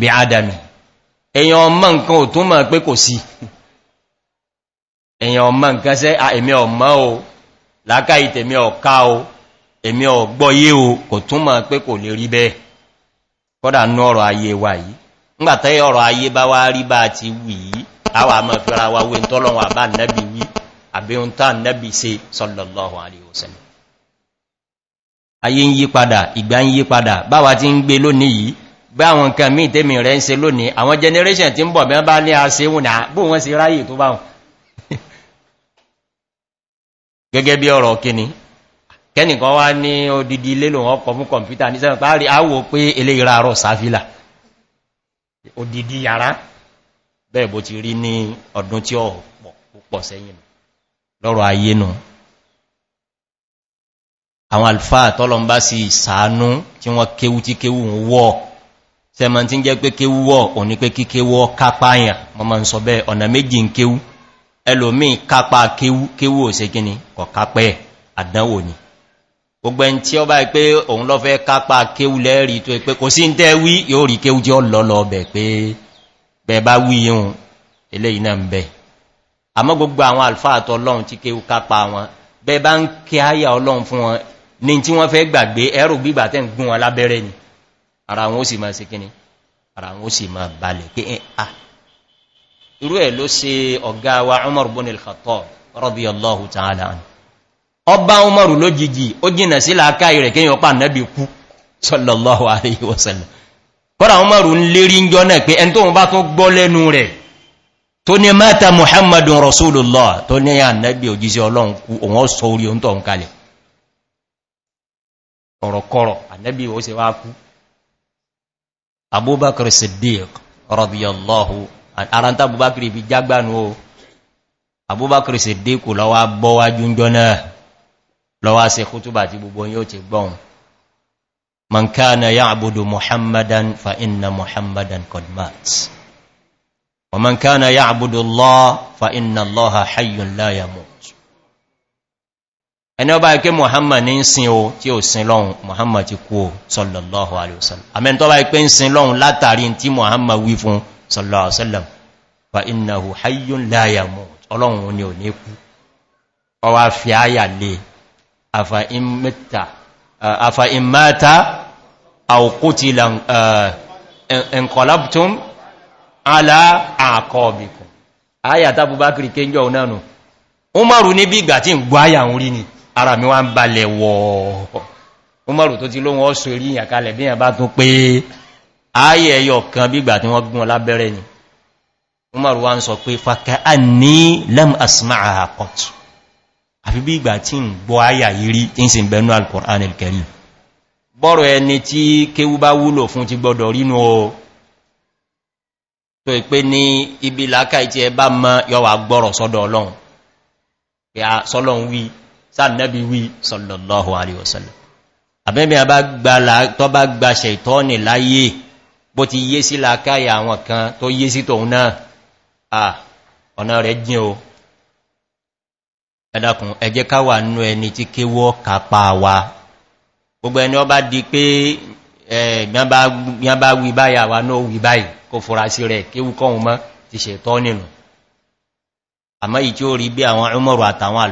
bi adami ọmọ nǹkan ò tún pé kò sí èyàn ọmọ nǹkan sẹ́ à èmi ọmọ o láká ìtẹ̀mí ọ̀ká o èmi ọ̀gbọ́yé o kò túnmọ̀ pé kò lè rí bẹ́ẹ̀ kọ́dà ní ọ̀rọ̀ ayé wa yìí ńgbàtẹ́ ọ̀rọ̀ ayé bá wá rí bá ti wì yìí àwà àmọ́ fíra wa àwọn nǹkan rẹ̀ ń se ti ń bọ̀ bí wọ́n bá ní a se wùn gẹ́gẹ́ bí ọ̀rọ̀ kíni kẹ́nìkan wá ní odidi lélò wọn kọ fún kọmpútà ní sẹ́nà táàrí àwò pé ilé ìra àrọ̀ sáfílà odidi yàrá bẹ́ẹ̀ bó ti rí ní ọdún tí ó pọ̀ sẹ́yìn lọ́rọ̀ ayé nù àwọn alfa tọ́lọ ń bá sí ìsànú tí wọ́n ń jẹ́ pé kéwú òní pé kíkéwú kápáyàn mọ́ ń sọ bẹ́ẹ̀ ọ̀nà méjì ń kéwú ẹlòmí kápa kéwú òsè gíní kọ̀kápẹ́ àdánwò ni gbogbo ẹn tí ó bá pé òun lọ fẹ́ kápa kéwú lẹ́rí tó pé kò sí ń tẹ́ wí yóò rí kéwú jẹ́ lọ́lọ́ ọbẹ̀ pé bẹ bá wí yíun eléyìí náà ń bẹ àmọ́ gbogbo àwọn alfáàtọ̀ ọlọ́run tí kéwú kápa wọn bẹ bá ń kí ni ara wọn ó sì máa irú ẹ̀ ló se ọ̀gá wa umar bin al-khattab radiyallahu ta'ala an ọba umar lójijì ó jìnà sí làákà rẹ̀ kí yọpa nẹ́bí kú sallallahu alayhi wasallam kọ́ra umar ń lérí ń jọ náà pé ẹn tó ń bá tó gbọ́ lẹ́nu rẹ̀ tó ní mẹ́ta muhammadun rasulullah tó ní yà nẹ́bí ànẹ́bí ó se wá kú abubakar siddiq radiyallahu ara ta abubakiri fi jágbánu o abubakiri sì díkù lọ́wọ́ bọ́wájú ń jọ náà lọ́wọ́ sí kútúbà tí gbogbo yóò ti gbọ́n man kana ya abudu muhammadan fa inna muhammadan kodmat wa man kana ya abudu allah fa inna allah hayyun la yamut ẹni ọba ike muhammad ní sin o tí ó sin lọ́hun muhammad ti kú o sallallahu alaihi wasallam amẹ́ntọ́ba ike ń sin lọ́hun látàrí tí muhammad wí fún sallallahu alaihi wasallam fa innahu hayyun la yamut ọlọ́run ni ò ní kú ọwá fi áyà lè àfà ìmáta àwòkútìlà ẹnkọ̀láptún alá àkọ́ọ̀bìkùn áyà tábù bá kìrì kéjọ nánu umaru ní bí ìgbà tí ń gbọ́ áyà ń ni ara mi wá ń balẹ̀ wọ̀ọ̀ umaru tó ti lóhun ọ́ ayé ẹyọ kan bí ìgbà tí wọ́n gún lábẹ́rẹ́ ni umar wa ń sọ pé faka a ní lẹ́m asma'a àkọ́tù àfi bí ìgbà tí ń gbọ́ ayà yìí ń sin bẹnu alkùnrin alkari bọ́rọ̀ ẹni tí kéwú bá wúlò fún ti gbọ́dọ̀ rínú o tó ìpé ní ibi làákà ìtí ẹ bá mọ́ yọwà gbọ́rọ̀ sọ́dọ̀ ọlọ́run sọ́lọ́run wí sáàdẹ́bí wí sọ́lọ́lọ́hù àríwọ̀sọ́lọ́ àbẹ́bẹ̀ bó ti yé sí làkáyà àwọn kan tó yé sí tóun náà à ọ̀nà rẹ̀ jín o ẹ̀dàkùn ẹjẹ́ káwà nú ẹni tí kéwọ́ kàpá wa gbogbo ẹni ọba di pé ẹ̀gbọ́n bá wí báyà wa náà wí báyìí kó fura sí rẹ̀ kéwú kọ́hun mọ́ ti ṣètọ́ nínú àmọ́ ìtí ó rí bí àwọn ọmọrù àtàwọn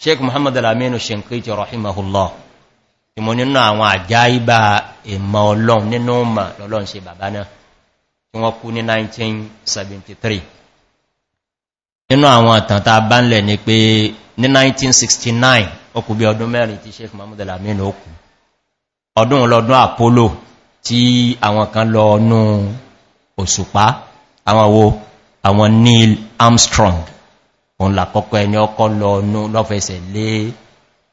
ti alaminu shinkiti rahimahullah ìmọ̀ nínú àwọn àjá ibà ìmọ̀ ọlọ́run nínú ọmọ lọ́lọ́run ṣe bàbá náà tí wọ́n kú ní 1973 nínú àwọn àtàntà bánlẹ̀ ni pé ní 1969 okù bí ọdún mẹ́rin tí sheik mahmoud alamin okù ọdún lọ́dún apollo tí àwọn kan lọ ọnú òṣùpá àwọn wo àwọn neil armstrong òun làkọ́kọ́ ẹni ọkọ́ lọ ọnú lọ́fẹsẹ̀ lé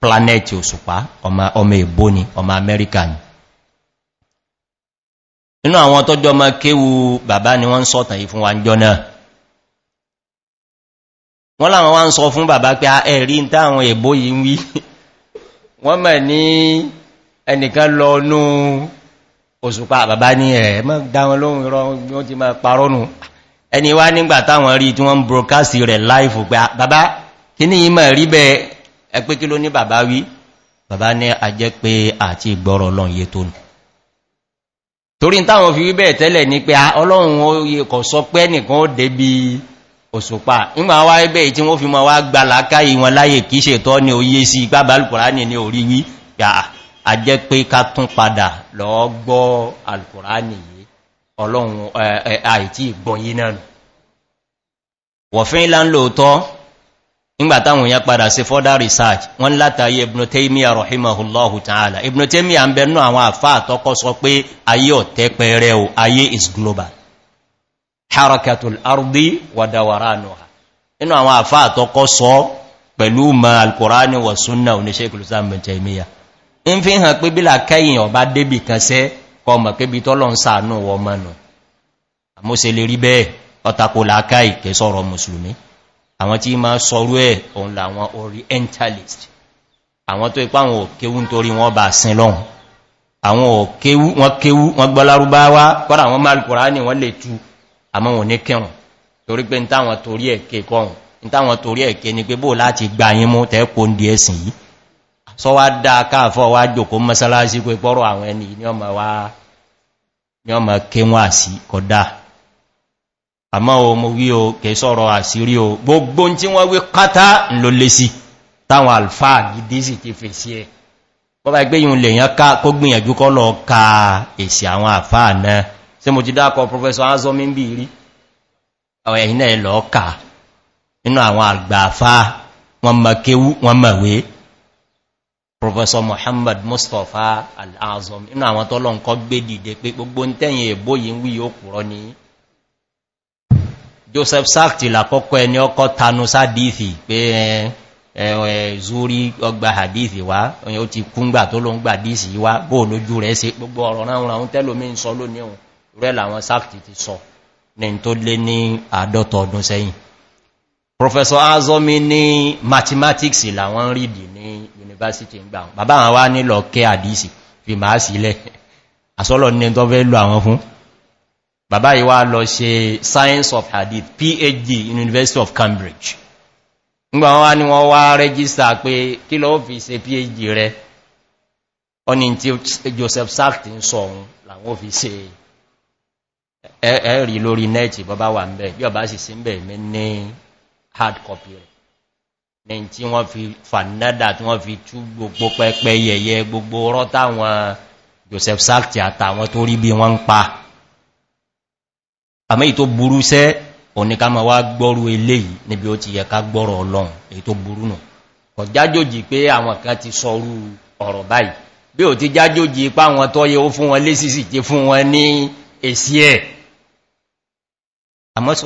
planeti òṣùpá ọmọ ìbó ni ọmọ amẹ́ríkà ni inú àwọn tọ́jọ́ ma kéwu bàbá ni wọ́n sọ́tàn yìí fún wa ń jọ náà wọ́n láwọn wá ń sọ fún bàbá pé ẹ̀rí ń táwọn èbó yìí wí wọ́n mẹ́ ní ẹnìkan lọ ní òṣùpá bàbá ní ẹ̀ mọ́ dáwọn lóhun rọ wọ́n ti máa parọ́nù ẹni wá nígbà táwọn rí tí wọ́n broadcast rẹ̀ live pé bàbá kí ní ìmọ̀ rí bẹ́ẹ̀ ẹgbẹ́ kí ló ní bàbá wí bàbá ní ajẹ́ pé àti ìgbọ́rọ̀ ọlọ́run yé tónù torí táwọn fi wíbẹ̀ tẹ́lẹ̀ ní pé ọlọ́run oye kọ̀ sọ pé nìkan ó dé bí òṣùpá nígbà wá ibẹ̀ tí wọ́n fi mọ́ wá gba làákàyè wọn kí ṣètọ́ ní oyé nígbàtàwọn èèyàn padà sí further research wọ́n látàrí ibn taimiyya rahimahullahu ta'ala ibn taimiyya ń bẹnu àwọn àfá àtọ́kọ́ sọ pé ayé ọ̀tẹ́ pẹ̀rẹ o ayé is global harakatul ardi wadawara nuha inú àwọn àfá àtọ́kọ́ sọ pẹ̀lú ma alkùránì wa sunna oníṣẹ́ ìkùlùsá àwọn tí ma sọrú ẹ̀ òun làwọn orientalist àwọn tó ipá àwọn òkéwú nítorí wọ́n bá sin lọ́hun àwọn òkéwú wọ́n kéwú wọ́n gbọ́lárúbáwá kọ́rà wọ́n máa lùkọ̀rá ní wọ́n lè tu àmọ́ wọn ní kẹrùn torí pé ntáwọn torí ẹ̀kẹ́ kọrùn ntáwọn torí ni pé bóò láti gba yín àmá o mo wí o kẹsọ́rọ̀ àṣírí o gbogbo tí wọ́n wí kátá ń ló lé sí táwọn alfa gidi sì ti fè sí ẹ bọ́bá ẹgbẹ́ yìí lè yán ká kó gbìyànjú kọ́ lọ ka èsì àwọn àfá náà sí mo ti dákọ̀ professor azomi ń bí rí àwọn ẹ̀yìn náà lọ ká nínú àwọn àgbàfá wọn professor muhammad mustapha al-azom inú àwọn tọ́lọ́ nǹkan gbé dìde pé gbogbo ń tẹ́yìn joseph Sakti lákọ́kọ́ ẹni ọkọ̀ tanu sádìífì pé ẹ̀ẹ̀ zúrí ọgbà hadithi wá oye ó ti kúngbà tó ló ń gbà dìísì wá bó lójú rẹ̀ sí gbogbo ọ̀rọ̀ ráhùn ráhùn tẹ́lómi ń sọ lónìí òun rẹ̀ làwọn sarti ti sọ ní tó university ń gbà bàbá àwọn wá nílọ kẹ́ àdìísì fi máa sílẹ̀ àsọ́lọ̀ bàbá ìwà lọ ṣe science of hadith phd in university of cambridge ngbà wọn wá ní wọ́n wá rẹ́gísà pé kí lọ fi ṣe phd rẹ ọ́nì tí joseph sack ti ń sọ ohun làwọn fi ṣe ẹ̀ẹ̀rí lórí nẹ́ẹ̀tì bọ́bá wà ń bẹ̀ bí ọba sì sí bẹ̀ mí ní hard copy rẹ̀ ní tí wọ́n fi fanada tí wọ́n fi tú gbogbo pẹ́pẹ́ yẹ̀yẹ gbogbo rọ́tàwọn joseph sack ti àtàwọn tó rí bí wọ́n ń pa àmọ́ èyí tó burú sẹ́ òníká ma wá gbọ́rú eléyìí níbi ó ti yẹ ká gbọ́rọ̀ ọlọ́run èyí tó burú nù kọ̀ jájòjì pé àwọn kan ti sọrú ọ̀rọ̀ báyìí bí ò ti jájòjì ipá wọn tọ́ yẹ ó fún wọn lé sísì ti fún wọn ní èsì ẹ̀ àmọ́ sọ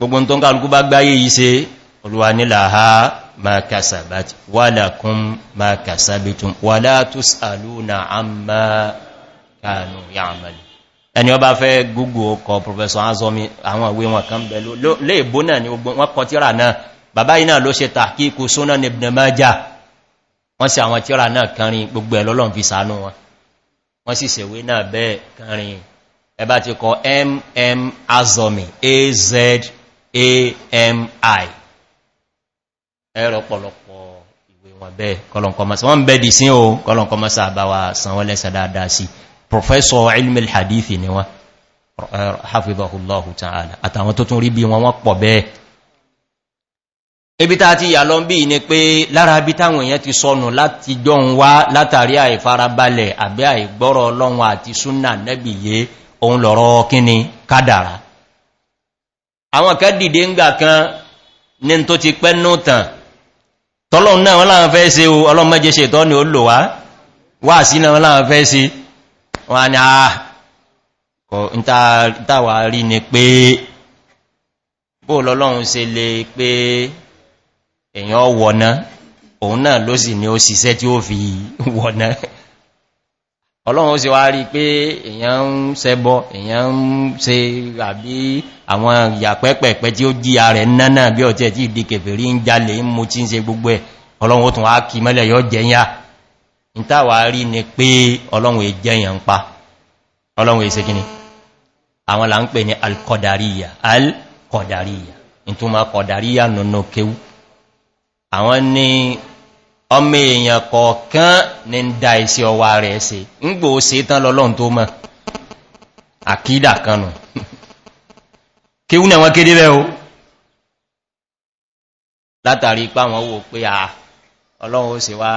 gbogbo nǹkan kálukú bá gbáyé yìí se olúwa nílà ha ma kasabat walakum ma kasabitum wala tusaluna amma kanu ya'malu ẹni ó fẹ́ google ọkọ̀ professor azomi àwọn ìwé wọn kan bẹ̀ lé ìbó náà ni gbogbo wọn kọ tíra náà bàbá yìí náà ló ṣe tàkíkù súnà ní ibn majah wọ́n sì àwọn tíra náà kanrin gbogbo ẹ̀ lọ́lọ́n fi sánú wọn wọ́n sì ṣèwé náà bẹ́ẹ̀ kanrin ẹ ti kọ mm azomi azami ẹ̀rọ pọ̀lọpọ̀ ìwé wọn bẹ́ẹ̀ kọlọ̀nkọmọsá wọ́n bẹ́ di sí o kọlọ̀nkọmọsá àbáwà sanwọ́ lẹ́sà dáadáa sí professor ilmil hadithi ni wọ́n hafibahullahu ta'ala àtàwọn tó tún rí bí wọn wọ́n pọ̀ bẹ́ẹ̀ ibi ta ti yà lọ bí ní pé lára bí táwọn èèyàn ti sọnù láti jọun wá látàrí òun lọ̀rọ̀ kíni kádàrà àwọn kẹ́dìdé ń gbà kan ní tó ti pẹ́ nù tàn tọ́lọ́un náà wọ́n láwọn fẹ́ ṣe o ọlọ́mọ́jẹ́ ṣe tọ́ ni ó lò wá wà sí náà wọ́n láwọn fẹ́ ṣe wọ́n ni àà kọ̀ ìtàwà rí ni pé bóòlọ́ se lè pé èyàn wọ̀ná òun náà ló sì ní ó siṣẹ́ tí ó fi wọ̀ná àwọn ìyàpẹ́pẹ̀pẹ́ tí ó jí ààrẹ náà bí ọ̀tẹ́ tí ìdí kèfèrí ń jalè ń mú tí ń se gbogbo ẹ̀ ọlọ́run ó tún wá kí mẹ́lẹ̀ yọ jẹyà ń tàwà rí ni pé ọlọ́run èjẹyàn ń pa ọlọ́run èsẹ́ gini àwọn là ń pè ní alkọ̀dàríyà alkọ̀dàríyà ìtumà kọ̀dàríyà nùnú kéwú àwọn ní kéwú náà wọ́n kéde bẹ́ o látàrí ipá wọn wò pé à ọlọ́run ó sì wá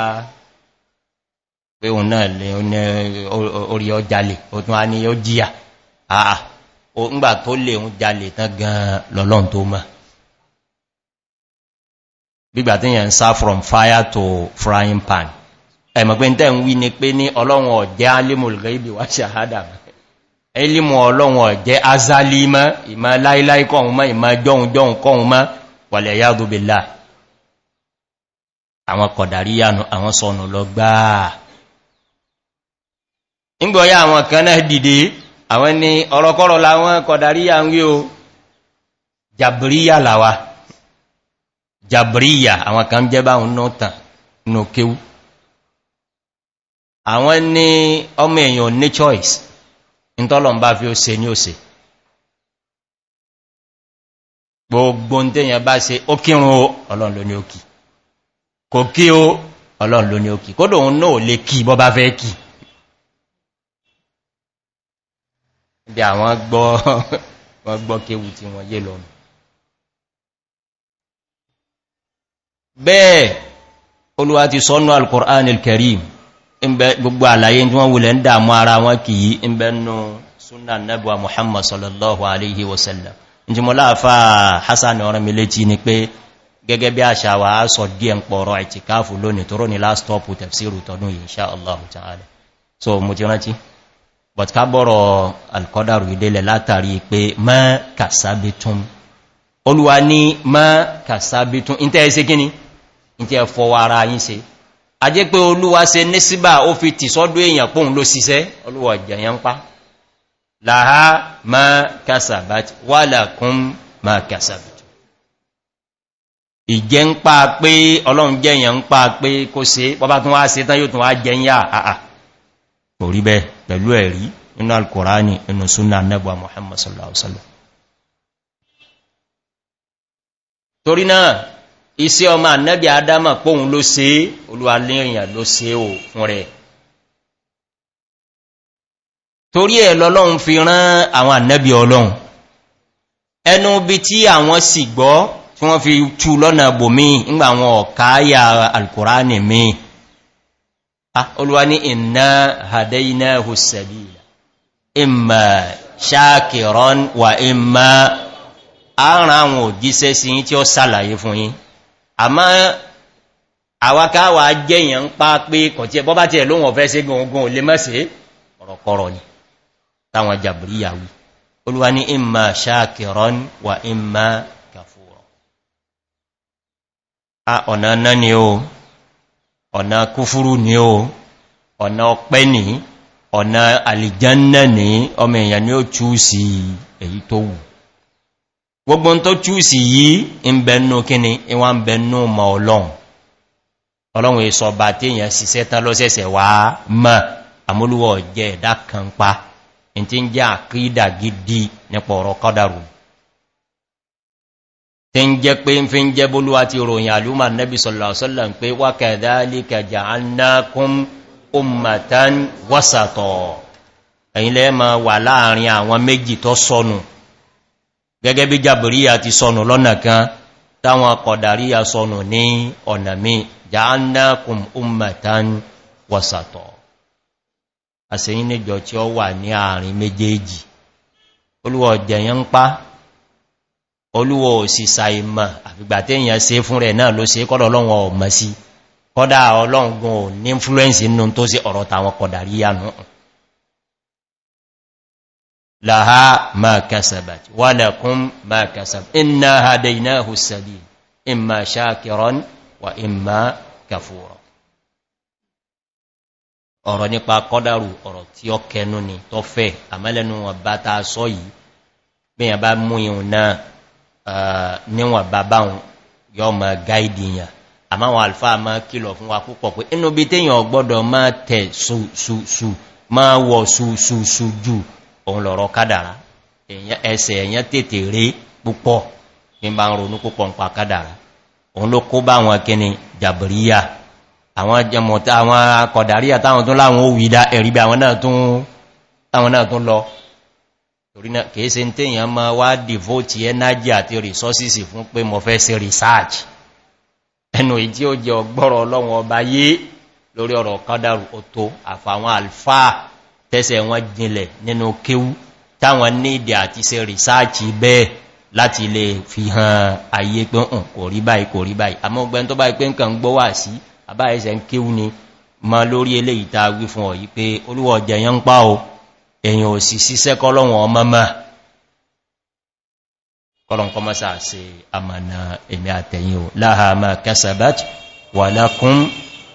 pé òun náà lè orí ọjàlè òtún a ní ó jíyà àà o ń gbà tó lè ń jalè tán gan lọ́lọ́run tó mọ́ gbígbà tí yẹn ń sá from fire to frying pan ẹ̀mọ̀ pé ń tẹ́ ń wí ni pé ní ọlọ́run ọ̀jẹ́ alẹ́mọ̀lẹ́gbẹ̀wà ṣàhádà mọ́ elimu ọlọ́wọ̀ jẹ́ azali mọ́ ìmọ̀ láíláí kọ̀hún mọ́ ìmọ̀ jọun jọun mọ́ wàlẹ̀ àwọn kọ̀dàrí yánu àwọn sọnù lọ gbáà àwọn kan náà dìde àwọn ni ọ̀rọ̀kọ́rọ̀ láwọn kọ̀dàrí ni ọmọ èèyàn ní choice ìtọ́lọ̀ ń bá fi ó se ní òsè gbogbo ń tẹ́yàn bá se ó kírun ó ọlọ́run ló ní òkì kò kí ó ọlọ́run ló ní òkì kódò òun náà lè kí bọ́ bá fẹ́ kí bí àwọn gbọ́ kéwù tí wọ́n yé lọ́nà bẹ́ẹ̀ olúwa ti sọ́nà al-qur'an al-karim gbogbo àlàyé tí wọ́n wulẹ̀ ń dàmú ara wọn kì yí ń bẹ́nu súnà nẹ́bùwa muhammad sallallahu alaihi wasallam jí mọ́ láàfá hassan ọ̀rọ̀ milétí ni pé gẹ́gẹ́ bí àṣà wà á sọ díẹ̀ ń pọ̀rọ̀ àìtìkáàfù lónìí tó rónìí last stop tafsiru tọdún insha allah ta'ala so mo ti rántí but ká bọ́rọ̀ alkọ́dàrù ìdélẹ̀ látàrí pé mọ́ kàsábítún olúwa ní mọ́ kàsábítún ìtẹ́ ẹsẹ́ kíní ìtẹ́ fọwọ́ ara yín se a jẹ́ pé olúwa se ní síbà ó fi tì sọ́dọ̀ èèyàn pòun ló siṣẹ́ olúwa jẹyàn pa láha ma kasabat wà lákún ma kasabat ìjẹ́ ń pa pé ọlọ́run jẹyàn ń pa pé kó se bọ́bá tún wá se tán yóò tún wá jẹyà àà kò bẹ́ pẹ̀lú ẹ̀rí inú alkùránì inú súnà nẹ́gbà muhammad sallallahu alaihi wasallam torí iṣẹ́ ọmọ ànẹ́bì adama pòun ló se olúwalẹ́yìn ló se o fún rẹ̀ torí ẹ̀ lọ́lọ́run fi rán àwọn ànẹ́bì ọlọ́run ẹnu bí tí àwọn sì gbọ́ tí wọ́n fi tú lọ́nà bòmí ńgbà àwọn ọ̀káyà alkùránì mi ah, olúwa ní iná hadaina hussabi imma shakiron wa imma àárín àwọn òjíṣẹ́ sí tí ó sàlàyé fún yín àmá àwakáwà jẹ́yàn ń pa pé kọ̀tí ẹbọ́ bá ti ẹ̀ lóhun ọ̀fẹ́ sí gungun olè mẹ́sẹ̀ ọ̀rọ̀kọ̀rọ̀ ni táwọn jàbìríyàwó olúwa ní ìmà ṣáàkìrán wà ìmà kàfúrọ̀ a ọ̀nà náà ni o ọ̀nà kúfúrú ni o ọ̀nà ọpẹ́ ni ọ̀nà àlìjánná ni ọmọ èèyàn ni ó tú gbogbo tó chúùsì yìí ń bẹ̀nú kíni ìwà ń bẹ̀nú ma ọlọ́run ọlọ́run èso ọba tí èyàn síṣẹ́ tán lọ́sẹ̀sẹ̀ wá mọ́ àmúlùwọ̀ jẹ́ ẹ̀dá kan pa in ti ń jẹ́ àkídà gidi nípa ọ̀rọ̀ kọ́dàrù tí ń jẹ́ pé ń fi ń jẹ́ bólúwá ti ròyìn àlúmà nẹ́bí gẹ́gẹ́ bí jàbìríyà ti sọnù lọ́nà kan táwọn kọ̀dàríyà sọnù ní ọ̀nà mi jàánàkùn ummatan wasatọ̀ àṣẹ́yìn níjọ tí ó wà ní àárín méjèèjì olúwọ̀ jẹ̀yàn ń pa olúwọ̀ òsìsà ìmọ̀ àfìgbàtẹ́yàn se fún rẹ̀ náà ló se kọ́dọ̀ ọlọ́run ọmọ sí kọ́dà ọlọ́run gun ò ní influence nínú tó sí ọ̀rọ̀ tàwọn kọ̀dàríyà náà laha ma kasabat walakum ma kasab inna hadaynahu sabil imma shakiran wa imma kafura ọ̀rọ̀ nípa kọ́dàrù ọ̀rọ̀ tí ó kẹnu ni tó fẹ́ àmẹ́lẹ́nu wọn bá ta sọ yìí bíyàn bá mú ihun náà níwọ̀n bá báhùn yọ ma gáìdì yàn àmáwọn alfa ma kílọ̀ fún wa púpọ̀ pé inú bí téyàn ọgbọ́dọ̀ máa tẹ̀ sùsù máa wọ̀ sùsù jù òun lọ̀rọ̀ kádàrá ẹsẹ̀ èyàn tètè rí púpọ̀ ní bá ń ronú púpọ̀ ń pa kádàrá òun ló kó bá wọn kíni jàbìríyà àwọn jẹmọ̀ta àwọn kọ̀dàríyà táwọn tún láwọn òwìdá ẹ̀rí bí àwọn náà tún lọ torínà kèése tíyàn ma wá dìvótì ẹnájì àti rìsọ́sìsì fún pé mọ̀ fẹ́ sí research ẹnu ìdí ó jẹ ọgbọ́rọ̀ ọlọ́run ọba yé lórí ọ̀rọ̀ kádàrù ọ̀tọ̀ àfàwọn alfáà tẹ́sẹ̀ wọn jinlẹ̀ nínú kéwú táwọn nídìí àti ṣe rìsáàchì bẹ́ẹ̀ láti lè fi hàn ayé pé ń kò rí báyìí kò rí báyìí àmọ́ ọgbẹ́ tó báyìí pé ń kàn gbọ́ wà sí àbáyẹsẹ̀ ń kéwú ni ma lórí eléyìí ta wí fún ọ̀yí pé olúwọ̀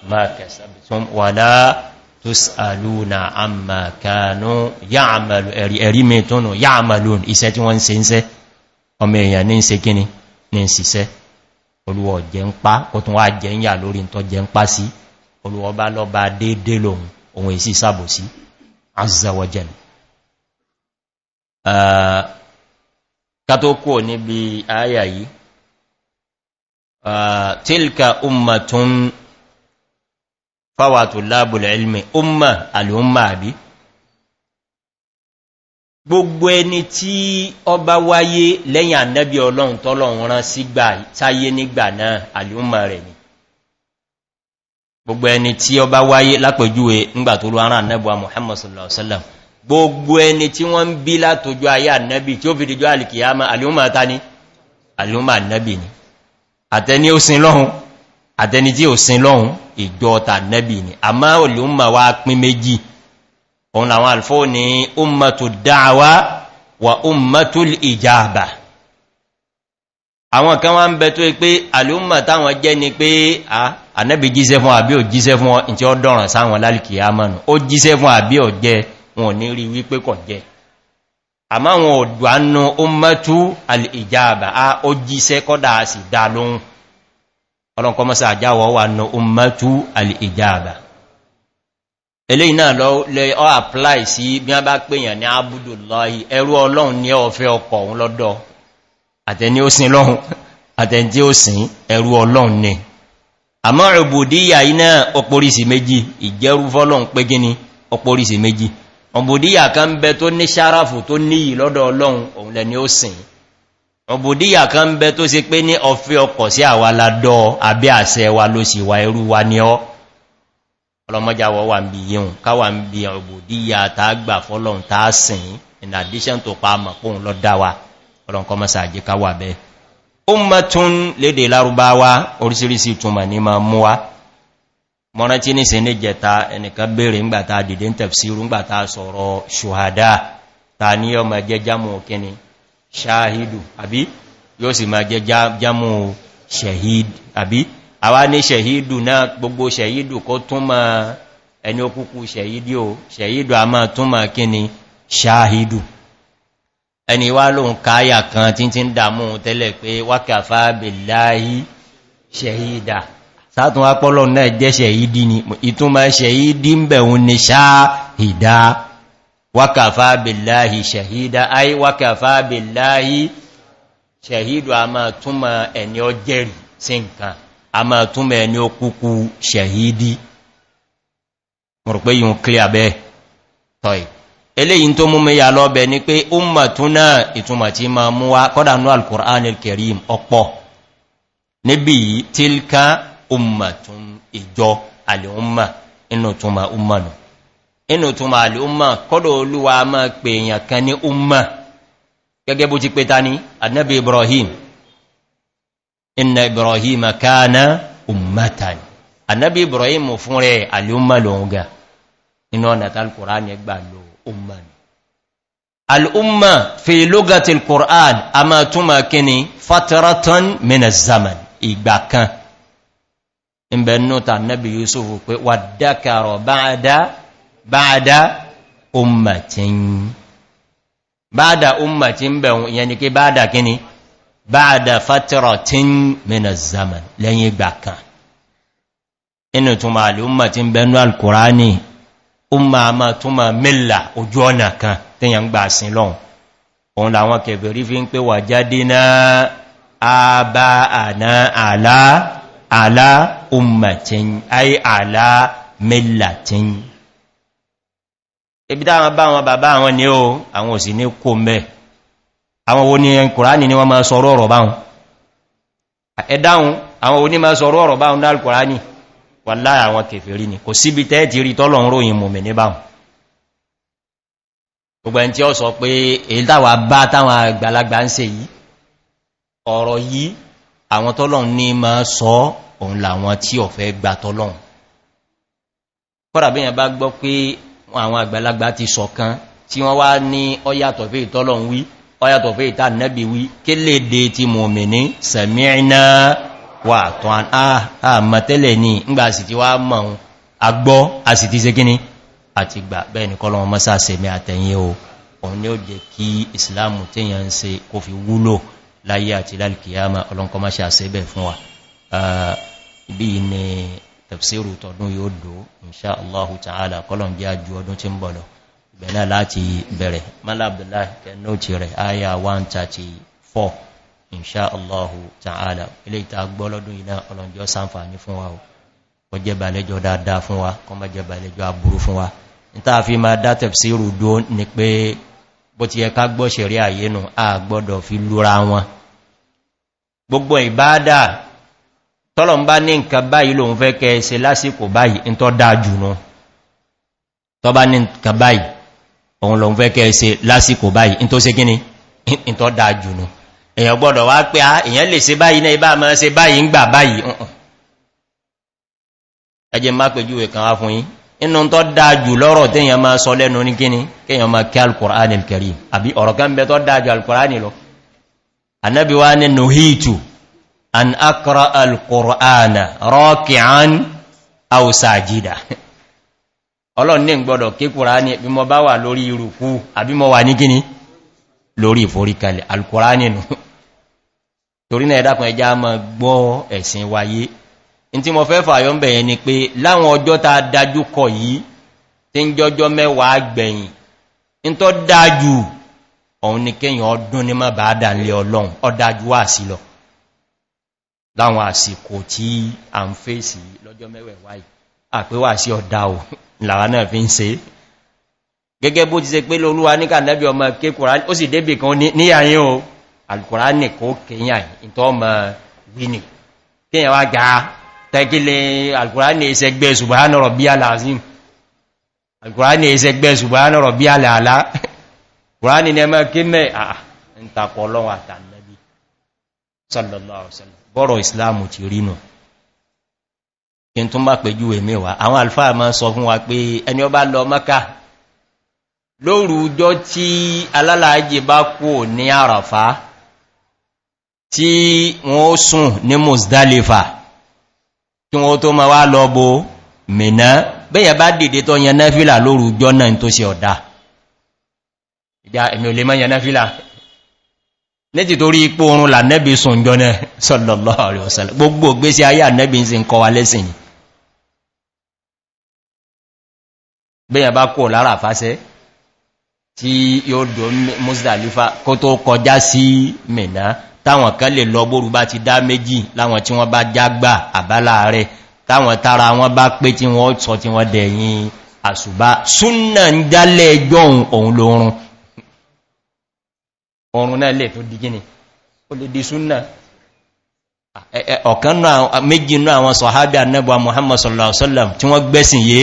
ma kẹsàbát wà tusaluna amma kanu ya'malu eri eri mi tunu ya'malun iṣẹ́ tí wọ́n ṣe nse ọmọ èyàn ni nse kíni ni nsise Olúwa jẹ npa kò tún wá jẹ nya lórí nto jẹ npa si Olúwa ba lo ba dédé lohun ohun esi sabosi azza wa jal ah ni bi aya yi tilka ummatun fáwà tó lábùlẹ̀ ilmi ọmọ gbogbo ẹni tí bá wáyé lẹ́yìn annabi ọlọ́run tọ́lọ̀run rán sígbà táyé nígbà náà rẹ̀ gbogbo ẹni tí bá wáyé lápẹjúwe ńgbà tó lọ ara muhammad sallallahu gbogbo eni tí àtẹni tí ò sin lọ́hun ìjọ ọ̀tà nẹ́bì ni a máa olè ń ma wá pín méjì òun làwọn alfó ní ummatu dáwà wà ummatu ìjàbà àwọn kan wá ń bẹ tó pé alùmọ̀ táwọn jẹ́ ni pé ànẹ́bì jíṣẹ́ fún àbí ò jíṣẹ́ fún ọ̀ tí ó dọ̀ràn sáwọn lálìkì àmọ́nù ó jíṣẹ́ fún àbí ò jẹ́ wọn ní rí wípé kọ̀ jẹ́ àmáwọn òdùánú ó mẹ́tú alìjáàbà ó jíṣẹ́ kọ́dà sì dá lóhun ọlọ́nkọ́ mọ́sá àjáwọ̀ wà nà ummatu al'ijaba eléyìí náà lọ ọ́ apply sí bí a bá pèyàn ní abúdùláyì ẹrú ọlọ́run ní ọ̀fẹ́ ọkọ̀ òun lọ́dọ̀ àtẹni ó sin lọ́hun àtẹni tí ó sin ẹrú ọlọ́run ní àmọ́ ìbòdíyà iná ọpọrísì méjì ìjẹrú fọ́lọ́run pé gíní ọpọrísì méjì ọ̀bòdíyà kan bẹ tó ní sáráfù tó níyì lọ́dọ̀ ọlọ́run òun lẹ ni ó sin ọ̀bùdíyà kan ń bẹ tó se pé ní ọ̀fẹ́ ọkọ̀ sí àwà ládọ́ àbí àṣẹ wa ló sì wà irú wa ní ọ́ ọlọ́mọ́jáwọ́ wà ń bí yíun káwà ń bí ọ̀bùdíyà tàgbà fọ́lọ̀n tàásìn in addition tó pa mọ̀ pòun lọ dáwà ọlọ́nkọ́ mọ́rántí ní sí ní jẹta ẹnìkan bèèrè ń gbàta dìde ń tẹ̀fsí rú ń gbàta sọ̀rọ̀ ṣòhádá ta ní ọmọ jẹjámù kíni ṣáhìdù àbí yóò sì máa jẹ jámù ṣẹ̀hìdù àbí àwá ní ṣẹ̀hìdù náà gbogbo ṣẹ̀hìdù kó tún ma ẹni okúkú ṣẹ̀hìdù ṣẹ̀hìdù a máa tún ma kí ni ṣáhìdù ẹni wá lóhun káyà kan tí ti ń dàmú tẹ́lẹ̀ pé wákàfà bèláhí ṣẹ̀hìdà sátún apọ́lọ̀ wákàfà bèláhì ṣàhídá ayé wákàfà bèláhì ṣàhídù a máa túnmà ẹni ọ jẹ́rì sí nǹkan a máa túnmà ẹni ó kúkú ṣàhídí mọ̀rọ̀pẹ́ yíò kílẹ̀ abẹ́ tọ́ì eléyìn tó mú ni pé ó mà tún náà ìtumà tí ma mú wá kọ́dánú alkùnrin kẹrìm ọpọ̀ níbi tílká ummatun ìjọ alìumma inú túnmà no inú tún máa lè ọmọ kọ́dọ̀ olúwa máa pè èèyàn kan ní ọmọ gẹ́gẹ́ bó ti pé ta ní adnabi ibrahim inna ibrahim kana ummatan adnabi ibrahim fún rẹ̀ al'umma lóhunga inú ọ̀nà tal kùránì gbà lò ọmọ al'umma fi lógatil kùrán a máa túnmà kíni fataratan minas zaman ìgbà kan in bẹ̀nú ta annabi yusuf pé wàdákàrọ̀ bá dá báadá ummatin báadá ummatin bẹ̀rún ìyẹn ni kí báadá kíni báadá fatratin mina zaman lẹ́yìn ìgbà kan inú túnmà alì ummatin bẹ̀rún alkùránì umma ma túnmà milla ojú ọ̀nà kan tíyàn gbà sin lọ́n òun làwọn kẹfẹ̀rí fi ń pé wà jáde náà ummatin ay àlá millatin ibi táwọn bá wọn bàbá àwọn ní o àwọn òsì ní kó mẹ́ àwọn wo ni ni wọ́n máa sọ̀rọ̀ ọ̀rọ̀ báhùn ẹ̀dáhùn àwọn oní máa sọ̀rọ̀ ọ̀rọ̀ báhùn dá kùránì wà láà àwọn kèfèrí ni kò síbi tẹ́ẹ̀tì rí tọ́lọ̀ ń ròyìn mọ̀mẹ̀ ní báhùn gbogbo àwọn àgbàlagbà ti sọ̀kan tí wọ́n wá ní ọyàtọ̀ fẹ́ ìtọ́lọ̀ wí ọyàtọ̀ fẹ́ ìta nẹ́bì wí kí lè dé ti mọ̀mìnì sẹ̀mìnà wà tán àmọ̀tẹ́lẹ̀ ní ngbà sì ti wá mọ̀ agbọ́ a sì ti se gíní àti gbà bẹ́ẹ̀ ní kọ́lọ́wọ́ mọ́sá se mẹ́ wa ibi ni tafsiru tọdún yóò dò inṣá allahu ta'ala kọlọm jẹ́ ajú ọdún tí ń bọ̀lọ̀ ìbẹ̀lá láti bẹ̀rẹ̀ malabdullah kẹnọ́tì rẹ̀ aya 134 inṣá allahu ta'ala ilé ìta gbọ́lọ́dún iná ọlọ́njọ́ sáǹfàní fún wa o jẹ́ balẹ́jọ́ dáadáa fún wa kọ́ mọ́ jẹ́ balẹ́jọ́ aburú fún wa ní tàà fi máa dá tafsiru dó ni pé bó ti yẹ ká gbọ́ ṣẹ̀rí àyénu gbogbo ìbáadà tọ́lọ̀ ń bá ní nǹkan báyìí lòun fẹ́ kẹ́ ṣe lásìkò báyìí in tọ́ dáa jù náà tọ́ bá ní nǹkan báyìí òun lòun fẹ́ kẹ́ ṣe lásìkò báyìí in tó ṣe gíní in tọ́ dáa jù náà èyàn gbọ́dọ̀ wá pé a ah, èyàn lè ṣe báyìí náà ibá mọ́ ṣe báyìí ń gbà báyìí ẹjẹ má pẹ̀jú ẹ̀kan wá fún yí inú tọ́ dáa jù lọ́rọ̀ téèyàn máa sọ lẹ́nu ní kíní kéèyàn máa kí alkùránì an akra al-ƙor'ana rọ́kìán àwùsàjìdà ọlọ́run ní gbọ́dọ̀ kíkùrá ní bí mọ bá wà lórí irùkú àbí mọ wà ní gíní lórí ìforíkalẹ̀ alkùrá nínú torí náà ẹ̀dàkùn ẹja mọ gbọ́ ẹ̀sìn wáyé in tí mo fẹ́ fàyọ́ ń bẹ̀yẹn ni pé láwọn ọjọ́ ta dájú kọ yìí tí ń jọjọ́ mẹ́wàá gbẹ̀yìn in tó dájú ọ̀un ni kéyàn ọdún ní má bàá dà lé ọlọ́run ọdájú wà sí lọ láwọn àsìkò tí a ń fèsì lọ́jọ́ mẹ́wẹ̀ wáyìí àpéwà sí ọ̀dá ò làwà náà fi ń se gẹ́gẹ́ bó ti se pé lóluwa ní kàndẹ́bí ọmọ ké kùránì ó sì débì kan níyàyín o alkùránì kó kíyàn ìtọ́ ọmọ wíní kíyàn wá ga tẹ́kílẹ̀ alkùránì sallallahu alaihi wasallam bọ́rọ̀ ìsìláàmù ti rínú kí n tún bá pẹ̀jú èmì wà àwọn alfáà máa sọ fún wa pé ẹni ọba lọ mọ́ká lórújọ́ tí alálàájì bá kú ní àràfá tí wọ́n sùn ní musdalifa kí wọ́n tó máa wá lọ bo mìíná bẹ́yẹ̀ bá dìde tó yẹn náfílà lórújọ́ náà tó ṣe ọ̀dá nítì torí ipò oorun là nẹ́bí sùn jọnà sọ́lọ̀lọ́ rẹ̀ ọ̀sẹ̀lẹ̀ gbogbo gbésí ayé ànẹ́bí sí ń kọ wa lẹ́sìn bẹ́yàn bá kó lára àfáṣẹ́ tí yóò dò mùsùlùmí kó tó kọjá sí mẹ́ná táwọn kan lè lọ bóru bá ti dá méjì láwọn tí wọ́n bá jágbà àbálà rẹ̀ táwọn tara wọn bá pé tí wọ́n sọ tí wọ́n dẹ̀yìn àṣùbá súnnà ń jálẹ̀ ẹjọ́ òun lórun ọrùn náà lè tó di gíní ó lè di súnnà ọ̀kan méjì náà àwọn sọ̀hábí annabuwa muhammad sallallahu alaihi wasallam tí wọ́n gbẹ́sìn yé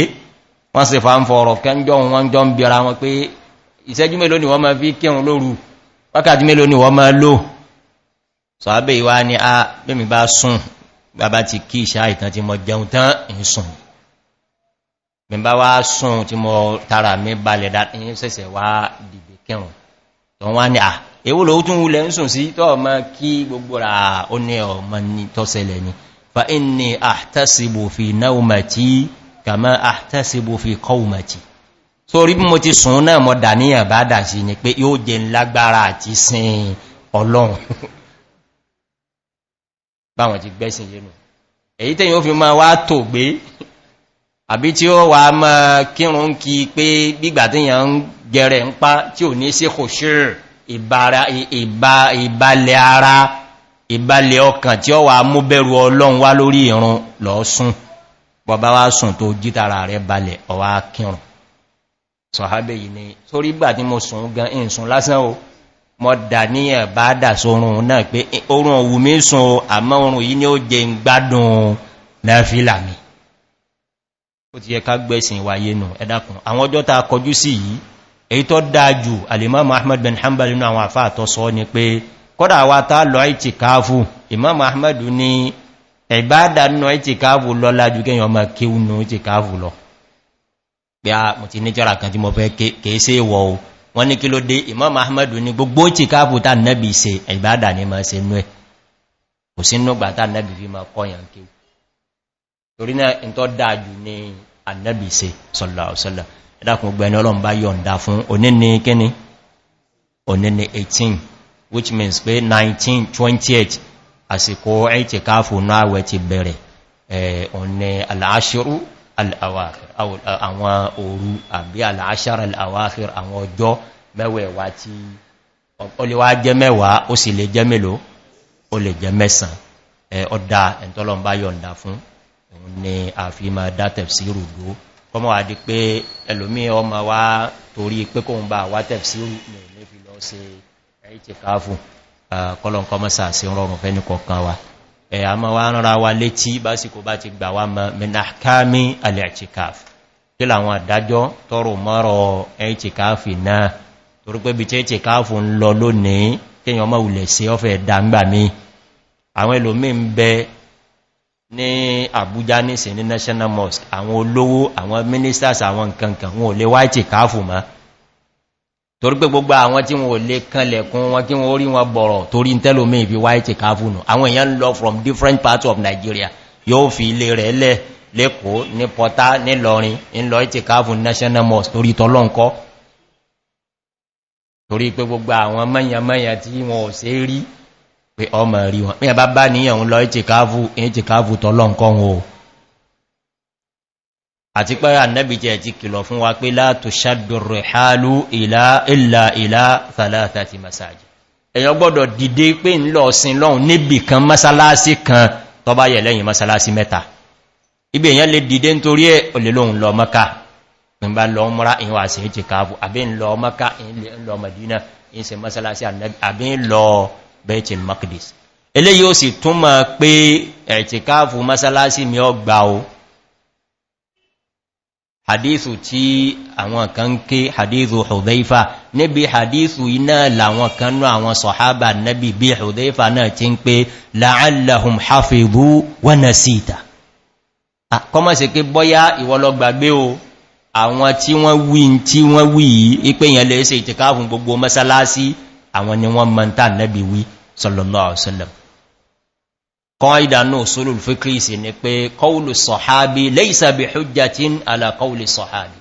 wọ́n sì fa ń fọ̀rọ̀ kẹjọ́ wọn jọ ń bíra wọn pé ìṣẹ́jú mélòó ni wọ́n ma fi kírun lóru wákàtí mélòó ni wọ́n ma lò sọ̀hábẹ̀ ìwá wá ní à èwò lòó tún wulẹ̀ ń sùn sí tọ́ ọmọ kí gbogbo rà ó ní ọmọ ní tọ́sẹlẹ̀ ni fa inni ahtasibu fi naumati kama ahtasibu fi kọumati sórí bí mo ti sùn náà mọ́ dàníyàn bá dà sí ni pé yóò jẹ lágbára àti sin ọlọ́run báwọn ti gbẹ́sìn yẹnu èyí tẹ́yìn ó fi máa wá tò gbé àbí tí ó wà máa kírun kí pé gbígbà tíyàn ń gẹrẹ ń pa tí ò ní sí kò ṣírì ìbalẹ̀ ara ìbalẹ̀ ọkàn tí ó wà mú bẹ̀rù ọlọ́run wá lórí ìrun lọ sún bọ̀bá wá sùn tó jítara rẹ̀ balẹ̀ ọwá kírùn sọ̀hábẹ̀ yìí ni sórí gbà tí mo sùn gan ìsùn lásán o mọ́ dà ní ẹ̀bá dà sórun náà pé orun òwú mi sùn àmọ́ orun yìí ni ó jẹ gbádùn náà fílà mi ó ti yẹ ká gbẹ̀sìn wáyé nù ẹ̀dàkùn àwọn ọjọ́ ta kọjú sí yìí èyí tó dájú alìmọ́mù ahmad bin hanbal inú àwọn àfáà tó sọ ni pé kọ́dà wa tá lọ ìtì káàfù ìmọ́mù ahmad ní ìbádà nínú ìtì káàfù lọ lájú kéyàn ọmọ kéwù nínú ìtì káàfù lọ pé a ah, mọ̀ ti níjọ́ra kan tí mo fẹ́ kéèsé wọ o wọ́n ní kí ló dé ìmọ́mù ahmad ní torí náà ìtọ́ dájú ní annabi se sọ́lọ́ ẹ̀dàkùn gbẹ̀ni ọlọ́run bá yọ̀nda fún oníní kíní oníní 18 which means pé 19 28 àsìkò ẹ̀tì káàfù náà wẹ́ ti bẹ̀rẹ̀ ọ̀nà aláṣírú àwọn òru àbí aláṣára aláwáhìr àwọn ọjọ́ mẹ́wẹ̀ẹ̀wá tí ọlẹ́wà jẹ́ mẹ́wàá ó sì lè jẹ́ mélòó ó lè jẹ́ ọmọ àdí pé ẹlòmí ọmọ wá torí pé kóhun bá wá tẹ̀f sí ní ilé fi lọ sí ẹ̀ẹ́tì káàfù kọlọ̀nkọ́ mọ́sà sí rọrùn fẹ́ nìkọ̀ọ̀kan wa ẹ̀ a mọ́ wá rárá wa létí básìkò bá ti gbà wá mẹ́nàkámi alẹ́ẹ̀tìkáàfù kí làwọn àdájọ́ tọrọ mọ́rọ̀ mọ́ wùlẹ̀ sí ní àbújá nìsìn ní national mosque àwọn olówó àwọn ministers àwọn nkankan wọn ò lè wá ìtì káàfù mọ́ torí pé gbogbo àwọn tí wọn ò lè kanlẹ̀kún wọn kí wọn orí wọn bọ̀rọ̀ torí tẹ́lómi ìbí wá káàfù nù àwọn èèyàn lọ from different parts of nigeria yóò fi ilé rẹ̀ lẹ́ lẹ́kọ́ ní pọ̀tá nílọrin ńlọ ìtì káàfù national mosque torí tọ́lọ́nkọ́ torí pé gbogbo àwọn mẹ́yàn mẹ́yàn tí wọn ò sí rí pé ọmọ rí wọn pé ẹbá bá níyàn ń lọ ìtìkáàfù tọ́lọ́nkọ́n o àti pẹ́ ànẹ́bì jẹ́ ti kìlọ̀ fún wa pé látò ṣàdùrù hálú ìlà ìlà tàlátà ti masáàjì èyàn gbọ́dọ̀ dìde pé ń lọ sin lọ́un níbì kan masalasi kan tọ bá yẹ lẹ́yìn masalasi mẹ́ta ibi èyàn lè dìde nítorí ẹ̀ olè lóhun lọ mọ́ká ìgbà lọ mọ́ra ìwà sí ìtìkáàfù àbí ń lọ mọ́ká ìlọ masalasi àbí ń lọ baitul makdis eléyìí ó sì túnmọ̀ pé ẹ̀tìkáàfù masalasi mi ọ gbà o hadithu tí àwọn kan ké hadithu hudhaifa níbi hadithu iná làwọn kan nú àwọn sọ̀hábà nabi bí hudhaifa náà ti ń pé la'allahum hafibu wa nasita kọmọ̀ sí pé bọ́yá ìwọlọ́gbàgbé o àwọn tí wọ́n wí tí wọ́n wí ipé yẹn lè ṣe ìtìkáàfù gbogbo masalasi àwọn ni wọ́n mọ́ntà nẹ́bí wí sallallahu alaihi wasallam kan ìdánú solul fikrisi ni pé kọwùlù sọ̀hábí lẹ́ìsà bí hujjatin ala kọwùlù sọ̀hábí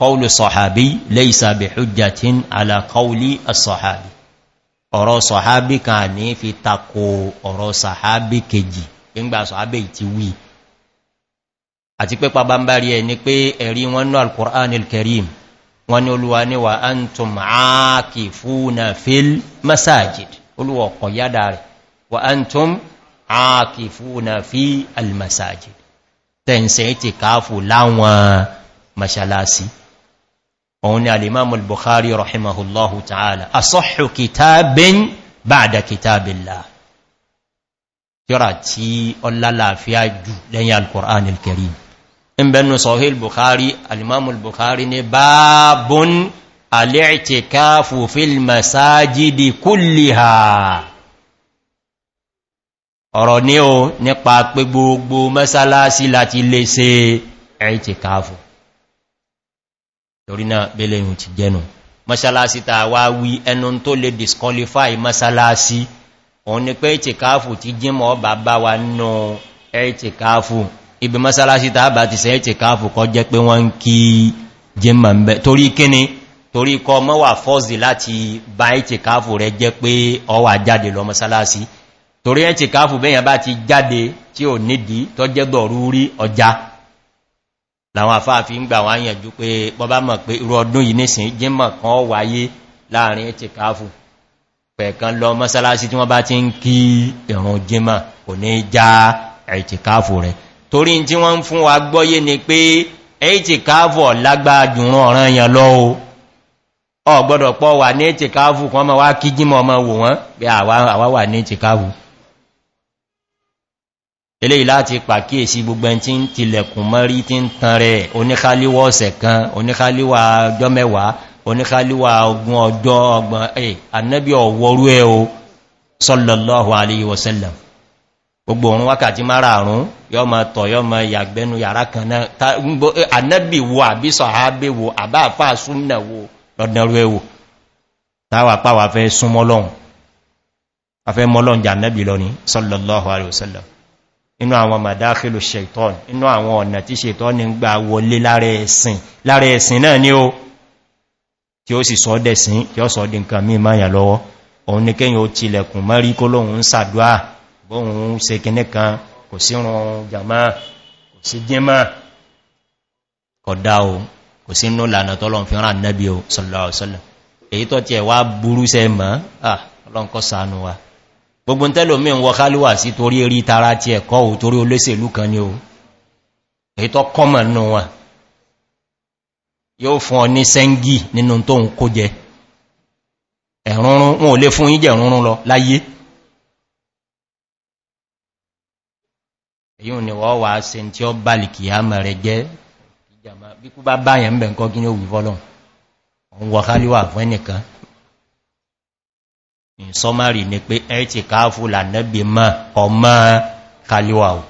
kọwùlù sọ̀hábí lẹ́ìsà bí hujjatin ala kọwùlì sọ̀hábí ọ̀rọ̀ sọ̀hábí kan ní fi tako ọ̀rọ̀ sọ̀hábí kejì ìgbà sọ̀hábí ti wí àti pé pàbámbárí ẹ̀ ni pé ẹ̀rí wọn náà al-Qur'an wọ́n ni olúwa ní wà á ń tún ààkì fúnà fil masajid olúwa ọ̀kọ̀ yádà rẹ̀ wà á ń tún ààkì fúnà fi almasajid tẹ́ǹsẹ̀ ti káàfù láwọn mashalasi òun ni alimamu al-bukhari rahimahullahu ta'ala asọ́hù kitabin ba'da kitabillah yọ́ra tí ọlálàáfíà jù lẹ́yìn al-qur'an al-karim in bẹnu sahih bukhari alimamul bukhari ni babun al'itikafu fil masajidi kulliha ọ̀rọ̀ ní o nípa pé gbogbo mẹ́sálásí láti lè ṣe ẹ̀ìtìkáfù torí náà bẹ́lẹ̀ yìí ti jẹ́nu mẹ́sálásí ta wá wí ẹnu tó lè disqualify mẹ́sálásí ibi masalasi ta bá ti sẹ́ ti káàfù kọ jẹ́ pé wọ́n ń kí jẹ́mà ń bẹ́ torí kíni torí kọ mọ́wà fọ́sì láti bá ti káàfù rẹ jẹ́ pé ọwà jáde lọ masalasi torí ẹ̀ ti káàfù bẹ́yàn bá ti jáde tí ò nídi tọ́ jẹ́ dọ̀rúrí ọjà láwọn afáàfi ń gbà wọ́n yànjú pé bọ́bá mọ̀ pé irú ọdún yìí nísìn jẹ́mà kan wáyé láàrin ẹ̀ ti káàfù pẹ̀ẹ̀kan lọ masalasi tí wọ́n bá ti ń kí ìrùn jẹ́mà kò ní já ẹ̀ ti káàfù rẹ̀ torí tí wọ́n ń fún wa gbọ́yé ni pé ẹ̀ẹ́tì káàfọ̀ lágbàájùrún ọ̀ràn èèyàn lọ o ọ̀gbọ́dọ̀ pọ̀ wà ní ẹ̀ẹ́tì káàfù kan mọ́ wá kí jímọ̀ ọmọ wò wọ́n pé àwá wà ní ẹ̀ẹ́tì káàfù eléyìí láti pàkíyèsí gbogbo ẹn tí ń tilẹ̀kùn mọ́rí tí ń tan rẹ̀ oníkálíwọ̀ ọ̀sẹ̀ kan oníkálíwà ọjọ́ mẹ́wàá oníkálíwà ogun ọjọ́ ọgbọ̀n ẹ̀ anẹ́bí ọ̀wọ́rú ẹ o sọ́lọ̀lọ́hù aléyìí gbogbo òun wákàtí márààrún yọ ma tọ̀ yọ ma yàgbẹ́nu yàrá kan náà anábì wo àbí sọ̀hábé wo àbá àfá súnnà wo lọ́dánrú ẹwò táwà páwà fẹ́ súnmọ́lọ́un afẹ́ mọ́lọ́un jà anábì lọ ní sallallahu alaihi wasallam inú àwọn madákìlù ṣeitọ́n inú àwọn ọ̀nà tí ṣeitọ́n ní gbà wọlé bóhun se kìní kan kò sí rún jàmá kò sí jímá kọ̀dá o kò sí inú lànà tọ́lọ̀ fi rán nẹ́bí o sọ̀lọ̀ọ̀sọ̀lọ̀ èyí tọ́ ti ẹ̀wà burú sẹ mọ́ ọlọ́nkọ́ sànú wa gbogbo tẹ́lòmí ń wọ kálíwà sí torí erí tara ti ẹ̀kọ́ ò torí olóṣèlú kan ni o èyí tọ́ kọ́mọ̀ nù wọn yóò fún ọ ní sẹ́ngì nínú tóun kó jẹ ẹ̀rúnrún wọn ò lè fún yíjẹ̀ lọ láyé èyí ni wọ́n wà se tí ó bá lè kìí àmà rẹ̀ jẹ́ ìjàmà bí kú bá báyẹ̀ ń bẹ̀ ǹkan gíní òwú fọ́lọ̀ òun wọ káríwà fún ẹnìkan in sọmárì ni pé ẹ ti káàfù lànẹ́bì mọ́ ọmọ káríwà ò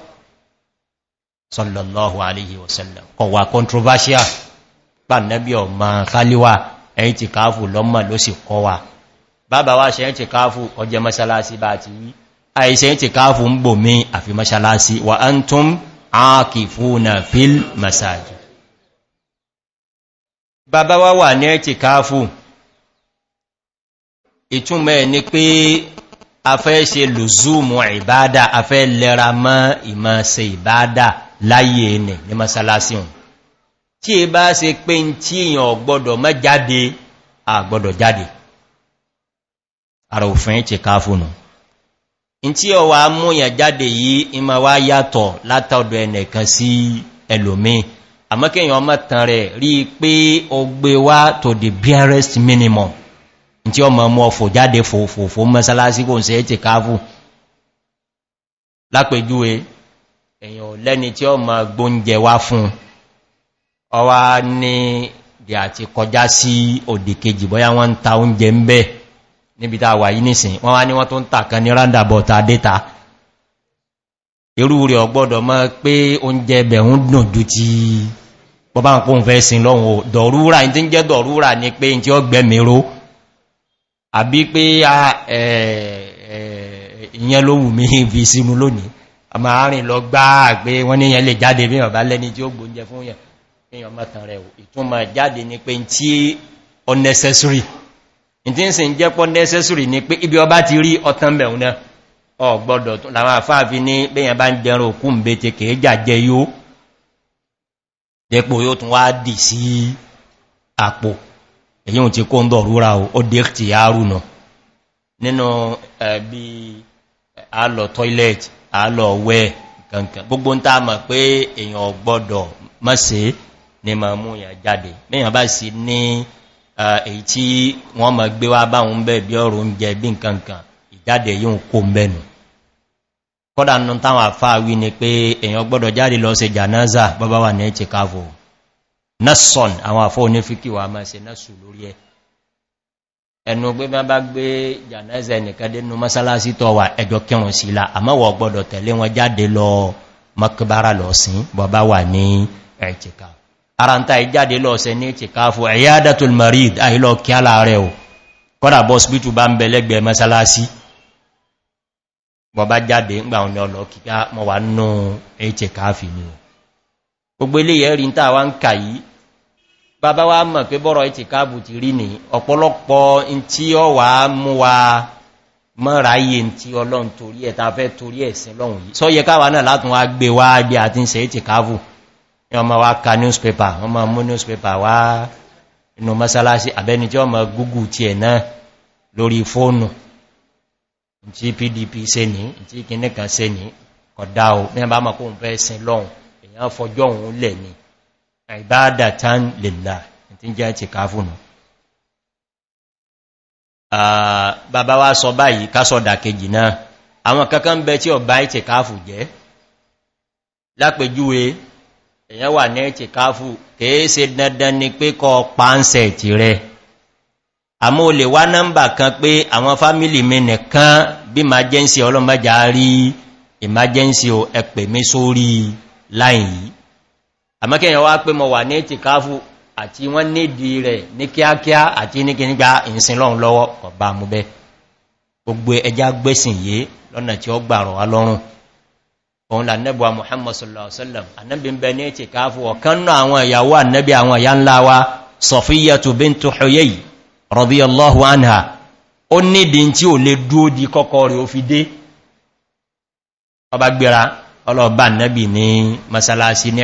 sọlọ̀lọ́hù aléhi àìṣẹ́ ti káàfù ń gbò mí àfi mọ́ṣálásí wà án tún áàkì fúnà fíl masáàjì bàbá wá wà ní ẹ̀tì káàfù ìtúnmẹ́ ni pé a fẹ́ ṣe lùzúmù ìbádà a fẹ́ lẹ́ra mọ́ ìmọ̀ se ìbádà láyé ẹnẹ̀ ní mọ́ṣálásí hùn tí è bá se pé tí èèyàn gbọ́dọ̀ mọ́ jáde àgbọ́dọ̀ jáde àrà òfin ti káàfù nù no. in tí ọwà múyàn jáde yìí ìmọ̀ wá yàtọ̀ látọ̀dọ̀ ẹnìkan sí ẹlòmí àmọ́kẹ́yàn ọmọ tàn rẹ̀ rí pé ó gbé wá to the barest minimum in ọmọ mọ́ fò jáde fòfòfò mọ́sálásí kò sí ẹ̀tì káfù lápẹjúwe èyàn lẹ́ni tí ọmọ gbóúnjẹ wá fún ọwá ní ìdí àti kọjá sí òdìkejì bọ́yá wọ́n ń ta oúnjẹ ń níbi tá wà yí nìsìn wọ́n wá ní wọ́n tó ń tàkan ní randabọ̀ta data irú rẹ̀ ọgbọ́dọ̀ mọ́ pé oúnjẹ bẹ̀rún dùn ju ti bọ́bá ń kóhùn fẹ́ sin lọ́wọ́ dọ̀rúra ní tí ń jẹ́ dọ̀rúra ní pé tí ó gbẹ̀mìró àbí pé ìyẹn ló wù mí fi sínú lónìí a máa tí ó gbóúnjẹ unnecessary ìtí ń sì ń jẹ́pọ́ nẹ́sẹ́sùrì ní pé ibi ọba ti rí ọtán mẹ́un náà ọgbọ́dọ̀ làwọn àfáàfi ní bẹ́yàn bá ń jẹran òkú ń bẹ́ ti kèé jàjẹ yóò jẹ́pọ̀ yóò tún wá dì sí àpò èyí ti kó ń dọ̀ rúra ó dé ti yárù nà nínú ẹbí àlọ̀ toilet àlọ̀ wẹ́ kankan gbogbo ń tàà pé èyàn ọgbọ́dọ̀ mọ́sẹ̀ ni ma mú yà jáde bẹ́yàn bá sì ní si Eh, èyí tí wọ́n mọ̀ gbé wá báhùn ń bẹ́ bí ọrùn oúnjẹ bí nkankan ìjáde yíò kó mẹ́nu kọ́dà nù táwọn àfáà wí ni pé èyàn gbọ́dọ̀ jáde lọ sí jànáza bọ́bá wà ní ẹ̀tì káfò násọ̀n àwọn àfọ́ onífíkì wà máa àrántà ìjáde lọ́ọ̀sẹ̀ ní ìtìkáfù ẹ̀yádàtul marid àìlọ kí á láàrẹ̀ ò kọ́dà bọ́ spítù bá ń bẹ lẹ́gbẹ̀ mẹ́sálásí bọ̀bá jáde ń gbà ọ̀nà ọ̀lọ́ kíká mọ́ wà nù ìtìkáfì ní gbogbo ilé ẹ̀rí ń tàwà ń kà yí bàbá wa mọ̀ pé bọ́rọ̀ ìtìkáfù ti rí ní ọ̀pọ̀lọpọ̀ tí ọ wà mú wa mọ́ra yìí tí ọlọ́run torí ẹ̀ fẹ́ torí ẹ̀sìn lọ́hùn yìí sọ́yẹ káwa náà látún wá gbé wá bí àti ń se ìtìkáfù ọmọ wa ka newspaper ọmọ mú newspaper wá inú masalasi àbẹ́ni tí ọmọ google ti ẹ̀ náà lórí fóònù tí pdp se ní tí kìnnìkan se ní kọ̀dá o ní ẹbá ma kó ń fẹ́ sin lọ́hun èyàn fọjọ́ òun lẹ̀ ní àìbáadà tán lè là tí jẹ́ ti ká fóònù bàbá wa sọ báyìí kásọ̀dà kejì náà àwọn kankan bẹ tí ọba ìtẹ̀káfù jẹ́ lápẹjúwe èyàn wà ní ẹ̀tì káfù kìí dandan ni pé kọ pàánsẹ̀ ti rẹ̀ àmú olè wá nọ́mbà kan pé àwọn fámílì mi nìkan bí ma jẹ́ ń se ọlọ́mọjá rí emergency o ẹ̀pẹ̀ mi sórí láì yìí àmọ́kẹ́yàn wá pé mọ wà ní ẹ̀tì káfù àti wọ́n nídi rẹ̀ ní kíákíá àti ní kínígbà ìsìn lọ́run lọ́wọ́ ọ̀bá mú bẹ́ gbogbo ẹja gbẹ́sìn yé lọ́nà tí ó gbàrọ̀ wá lọ́rùn òun lànẹ́bù wa muhammad sallallahu ala'uwa annabi bẹ ní ti káfù ọ̀kánná àwọn ìyàwó annabi àwọn ìyá ńlá wa sọfíyà tó bí n tó ṣoyẹ́yì rọ̀bí allahu anha ó nídi tí ó lè dúó di kọ́kọ́ rẹ̀ ó fi dé ọba gbéra ọlọ́ọ̀bá annabi ní masalasi ní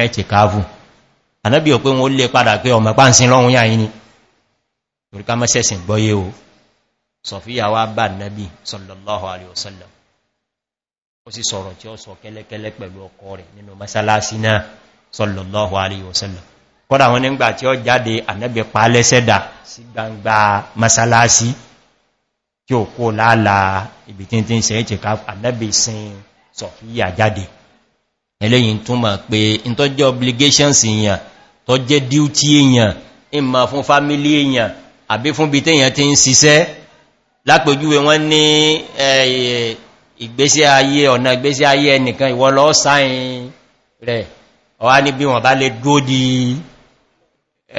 ti ó sì sọ̀rọ̀ tí ó sọ kẹ́lẹ́kẹ́lẹ́ pẹ̀lú ọkọ rẹ̀ nínú masalasi náà sọlọ̀lọ́wọ́ aríwọ̀sọ́lọ̀ kọ́dà wọn nígbà tí ó jáde ànẹ́bẹ̀ pa lẹ́sẹ́dà sí gbangba masalasi tí ó kó láàlá ibi tí tí ń sẹ́ ìtìká ànẹ́bẹ̀ sin sọ̀fíyà jáde eléyìn túnmọ̀ pé ìtọ́jẹ́ obligations èèyàn tó jẹ́ duty èèyàn ìmọ̀ fún family èèyàn àbí fún bí tèèyàn ti ń siṣẹ́ lápèjúwe wọ́n ní eh, ìgbésí ayé ọ̀nà ìgbésí ayé ẹnìkan ìwọ lọ sáyìn rẹ̀ ọwá ní bí wọ́n bá lè dúó di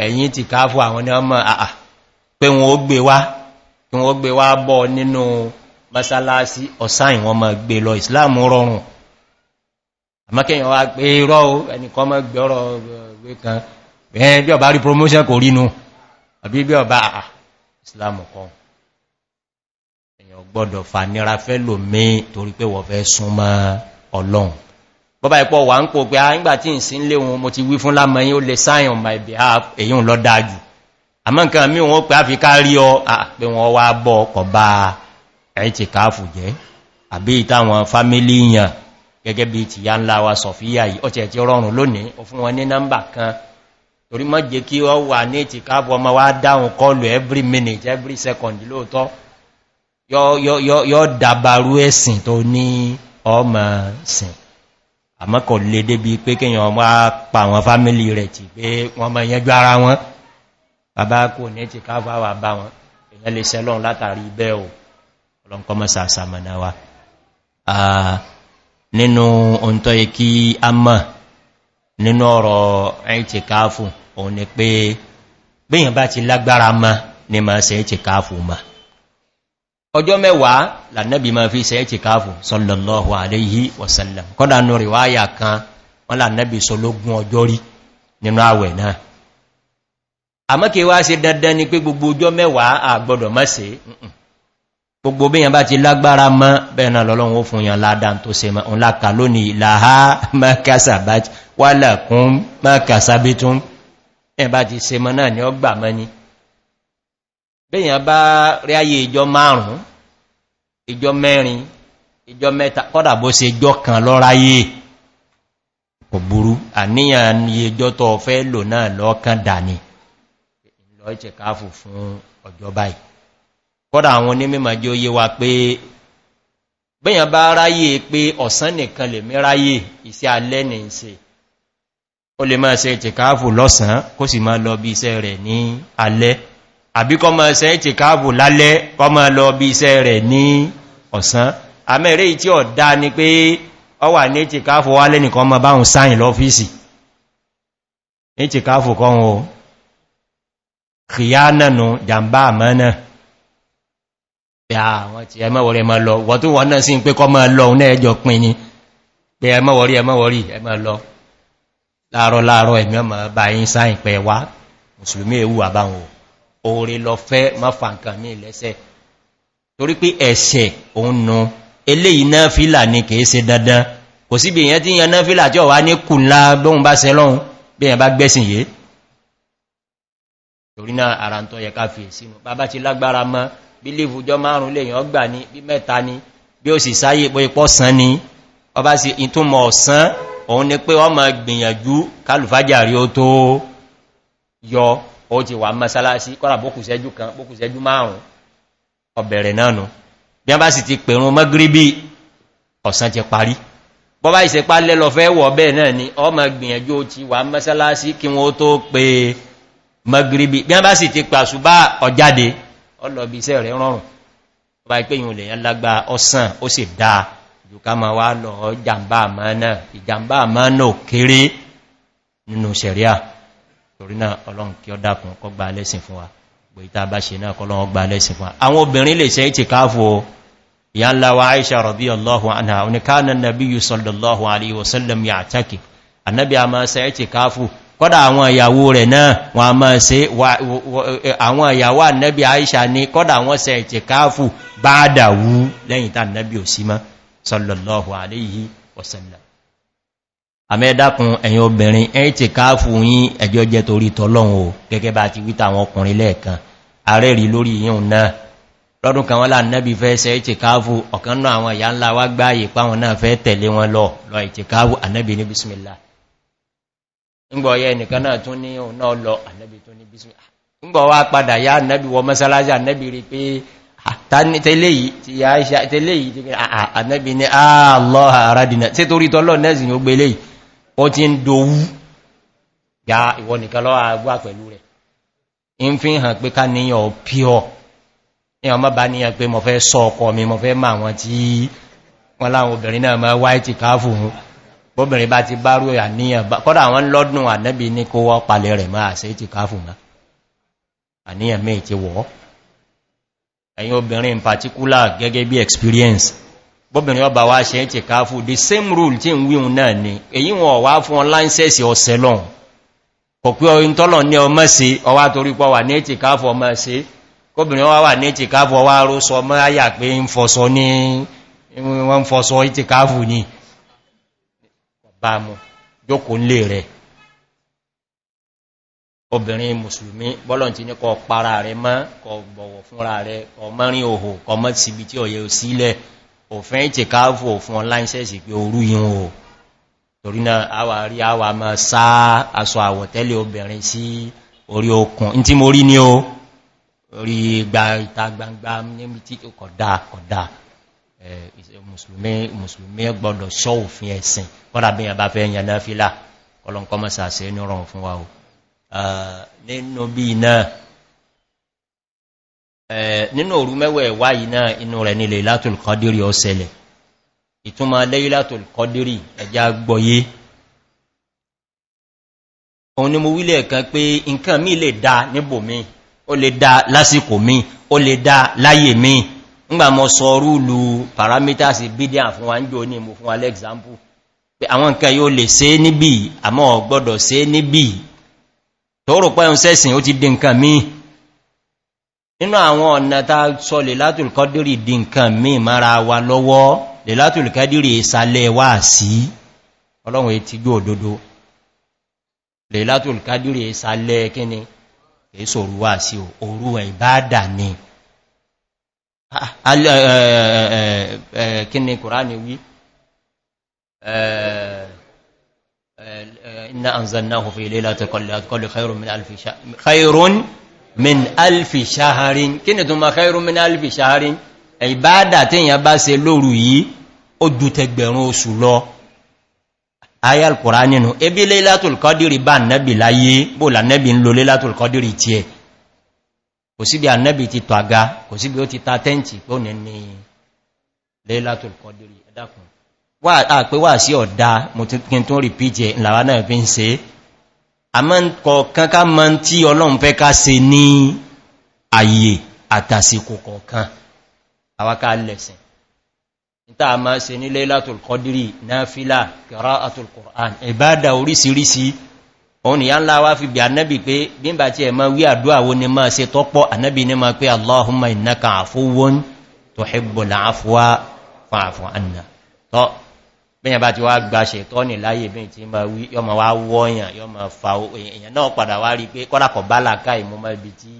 ẹ̀yìn ti káfù àwọn ọmọ àà pé wọ́n gbé wá kí wọ́n gbé wá bọ́ nínú masalasi ọ̀sáyìn wọ́n ma gbé lọ islam rọrùn àmọ́kẹ́yàn wá pé rọ́ ẹnìkan mọ́ promotion kò rínú àbí bí ọba islam èyàn gbọ́dọ̀ fà nira fẹ́ lò mí torí pé wọ́n fẹ́ súnmọ́ ọlọ́run bọ́bá ipọ̀ wà ń kò pé a ah, ń gbà tí ń sí lé wọn mo ti wí fún lámọ́yí ó lè sign on my behalf èyí ń lọ dájú àmọ́ nǹkan mí wọ́n pé a fi kárí ọ ah, pé wọ́n wá bọ́ ọkọ̀ bá ẹ̀ ti káàfù jẹ́ àbí ìtàwọn fámílì yàn gẹ́gẹ́ bí ti ya ńlá wa sọ̀fíyà yìí ọ̀tẹ̀ ti rọrùn lónìí o fún wọn ní nọ́mbà kan torí mọ́ jẹ́ kí ọ wà ní ti káàbọ̀ ọmọ wá dáhùn kọlù every minute every second lóòtọ́ yọ́ dàbàrú ẹ̀sìn tó ní ọmọ sìn àmọ́kọ̀ lè débi pé kíyàn ọmọ pa àwọn fámílì rẹ̀ tí pé wọ́n mọ̀ yẹn gbára wọn bàbá kò ní ti káfà wà bá wọn èyàn lè sẹ́lọ́n látàrí bẹ́ ò ọlọ́nkọ́ mọ́ a mọ̀ nínú ọ̀rọ̀ ẹ̀yìn ti káfù òun ni pé gbíyàn bá ti lágbára mọ́ ni mọ́ sẹ́ ti ọjọ́ mẹ́wàá lànàbì ma fi sẹ́ ti káàfù sọlọ̀lọ́wọ́ àléyí wọ̀sẹ̀lẹ̀m kọ́dà nù rí wáyà kan wọ́n lànàbì sọlógún ọjọ́ rí nínú àwẹ̀ náà àmọ́kè wá sí dandan ni pé gbogbo ọjọ́ mẹ́wàá àgbọ́dọ̀ má sí gbogbo bí yàn bá ti lágbára mọ́ bẹ́ẹ̀nà lọ́lọ́wọ́ fún yàn ládán tó se mọ́ láka lónìí láhá mẹ́kàsàbátún ẹ̀bá ti se mọ́ náà bẹ́yàn bá rí ayé ìjọ márùn-ún ìjọ mẹ́rin ìjọ mẹ́ta kọ́dà bó se jọ kan lọ́ráyé kò burú àníyàn ni ìjọ tó fẹ́ lò náà lọ́ọ̀kan dàní lọ ìtẹ̀káfù fún ọjọ́ báyìí kọ́dà àwọn onímọ̀ jẹ́ oyé wa pé bẹ́yàn bá ráyé pé ọ̀sán nìkan lè míráyé iṣẹ́ alẹ́ ní ṣe ó lè máa ṣe ìtẹ̀káfù lọ́sàn kó sì máa lọ bí iṣẹ́ rẹ̀ ní alẹ́ àbí kọ́ mọ́ ṣe ti káàbù lálẹ́ kọ́ mọ́ lọ bí iṣẹ́ rẹ̀ ní ọ̀sán àmẹ́rẹ́ tí ó dá ni pé ọ wà ní ti káàfù wálẹ́ nìkan mọ́ báhùn sáyìn lọ́fíìsì ní ti káàfù kọ́hùn o kìyánànù jàmbá àmọ́nà pé àwọn ti ẹmọ́wọ̀rí ẹmọ́ lọ wọ́n tó wọ́n náà sí pé kọ́ mọ́ lọ láàrọ̀ láàrọ̀ ẹ̀mí ọmọ bá yín sáyìn pẹ̀ wá mùsùlùmí ewu àbáwọn oore lọ fẹ́ má fa nǹkan mí lẹ́sẹ̀ torí pé ẹ̀ṣẹ̀ òun nù eléyìí náà fílà ní kìí se dandan kò síbi èyàn tí yẹn náà fílà tí ọ̀wá ní kù ńlá gbóhun bá sẹ lọ́hun bí èyàn bá gbẹ́sìn yé torí náà ara ń tọ́ yẹ ká fi sínú bàbá ti lágbára mọ́ bí léèfùjọ́ márùn léèyàn gbà ní bí mẹ́ta ní bí ó sì sáyé pé ipọ́ sán ni ọba sí ìtumọ̀ ọ̀sán òun ni pé wọ́n mọ̀ gbìyànjú kálùfájà rí ó tó yọ ó ti wà mọ́sálásí kọ́rà bókùsẹ́jú kan bókùsẹ́jú márùn-ún ọbẹ̀rẹ̀ náà nù bí a bá sì ti pèrún mọ́gíríbí ọ̀sán ti parí bọ́bá ìsẹ̀pá lẹ́lọ fẹ́ wọ̀ bẹ́ẹ̀ náà ni ọmọ gbìyànjú ó ti wà mọ́sálásí kí wọ́n tó pe mọ́gíríbí bí a bá sì ti pàṣùbá ọjáde ọlọ́bí iṣẹ́ rẹ̀ rọrùn bá ipé yìí lèyàn lágbà ọsàn ó sì torí náà ọlọ́run kí ọ dákùn kọ́ gba lẹ́sìn fún wa gbò ìta bá ṣe náà kọ́lọ́run gba lẹ́sìn fún wa àwọn obìnrin lè ṣe ti káàfù o ìyá ńlá wa aisha rọ̀bí ọlọ́hun àná oníkánà nàbí yù sọ́lọ́lọ́hun àríwọ̀sọ́lọ́m yà àtàkì ànábì a máa ṣe ti káàfù kọ́dà àwọn ìyàwó rẹ̀ náà wọ́n a máa ṣe àwọn ìyàwó ànábì aisha ní kọ́dà wọ́n ṣe ti káàfù bá dàwú lẹ́yìn tá ànábì ò sí mọ́ sọ́lọ́lọ́hun àríwọ̀sọ́lọ́m àmẹ́dàkùn ẹ̀yìn obìnrin ẹ̀yìn ti káàfù yí ẹjọ́ jẹ́ torí tọ́lọ́run o gẹ́gẹ́ bá ti wítà àwọn ọkùnrin lẹ́ẹ̀kan ààrẹ rí lórí yíò náà lọ́dún kan wọ́n láàrín fẹ́ ṣe ẹ̀yìn ti káàfù ọ̀kan náà àwọn ìyá ńlá wá gbáyè páwọn náà fẹ́ tẹ̀lé wọn lọ lọ ìtì káàfù ànẹ́bì ní bísmìlá ńgbọ̀ yẹ nìkan náà tún ní òun náà lọ ànẹ́bì ó ti ń dowú ya ìwọ nìkan lọ́wọ́ agbá pẹ̀lú rẹ̀ in fi hàn pé ká níyàn píọ̀ ní ọmọ bá níyàn pé mọ̀ fẹ́ sọ ọkọ̀ mi mọ̀ fẹ́ máa wọn tí wọ́n láwọn obìnrin náà máa wáyé ti káàfù hun bóbìnrin bá ti bá rú àníyàn kọ́dà àwọn lọ́dún ànẹ́bí ní kó wọ́ palẹ̀ rẹ̀ máa ṣe ti káàfù mọ́ àníyàn mẹ́ bọ́bìnrin ọba wá ṣe ti ká fún the same rule tí ń wíhun náà ni èyí wọn wá fún ọláńsẹ́sì ọ̀sẹ̀ lọ́n kò pé orin tọ́lọ̀ ní ọmọ sí ọwá torí pọ́ wà ní ti ká fún ọmọ sí kóbìnrin wá wà ní ti ká fún ọwá ró sọ mọ́ ayà pé ń fọsọ ní wọ́n fọsọ ti ká fún obìnrin musulmi bọ́lọ̀ ti ní kọ para rẹ̀ mọ́ kọ bọ̀wọ̀ fúnra rẹ̀ kọ mọ́rin òhò kọ mọ́ síbi tí ọ̀yẹ̀ sílẹ̀ òfin ìtìkáàfù òfin ọláìsẹ́sì pé orú yíò torí náà àwà rí àwà máa sá aṣọ àwọ̀tẹ́lẹ̀ obìnrin sí orí okùn in tí mo rí ní o orí gba ìta gbangba níbi tí kọ̀dá kọ̀dá musulmi gbọdọ̀ ṣọ́ òfin ẹ̀sìn kọ́dà bí yàn bá fẹ́ yàn náà fílà ọlọ́nkọ́mọ́sà sí fún wa o nínú bí náà nínú òru mẹ́wẹ̀ wá yìí náà inú rẹ̀ nílé látòl kọdírí ọ̀sẹ̀lẹ̀ ìtúnmà lẹ́yìn látòl kọdírí ẹja gbọ́yé òun ni mo wílẹ̀ kan pé nǹkan mí lè dá níbò mí ó lè dá lásìkò mí ó lè dá láyè mí ńgbà mọ́ sọ rúlù parameters bidian fún wa ń jò ní mo fún alexample pé àwọn nǹkan yóò lè ṣe níbì àmọ́ ọ̀gbọ́dọ̀ ṣe níbì tó rò pẹ́ ń sẹ́sìn ó ti dé nǹkan míì inú àwọn ọ̀nà ta sọ lè látùl kọdírì di nǹkan míì mara wa lọ́wọ́ lè látùl kọdírì ìsàlẹ̀ wà sí ọlọ́run èyí ti gbé òdodo lè látùl kọdírì ìsàlẹ̀ kíni èso wà sí òru ìbáadà ni kíni kùránì wí inna anzannahu fi laylatil qadr khairun min alfi shaharin kí ni tún ma kairu min alfi shaharin ìbádà tí èyàn bá se lóru yìí ó ju tẹgbẹ̀rún oṣù lọ ayal kùrá nínú ebí lélátùl kọ́dìrì bá nẹ́bì láyé bó lànẹ́bì ń lo lélátùl kọ́dìrì tí ẹ kò sí bí ànẹ́bì ti tọ́ àga kò sí bí ó ti ta tẹ́ǹtì pé ó ní ní lélátùl kọ́dìrì ẹ̀dàkùn wà á pé wà sí ọ̀dá mo ti kí n tún rìpíjẹ ìlàwà náà fi ń se é àmọ́ kọ̀ọ̀kan ká mọ́ tí ọlọ́run fẹ́ ká se ní ayé àtàsíkò kọ̀ọ̀kan àwákà lẹ́sìn níta ma se ní lẹ́látòl kọdírì náfílà kẹrọ àtòlkùnrán ìbádà orísìírísí òun ni ya ńlá wá fi bí anẹ́bì pé bímbà tí ẹ ma wí àdúwà wo ni máa se tọ́pọ̀ anẹ́bì ni ma pé allahumma innaka àfúwọ́n tó hìbò láàfúwá fún àfún anna bẹ́yàn bá ti wá gba ṣètọ́ ní láyé bí tí ma wí yọ ma wá wọ́yàn yọ ma fa èèyàn náà padà wá rí pé kọ́lákọ̀ bá làkà ìmúmọ́ ibi tí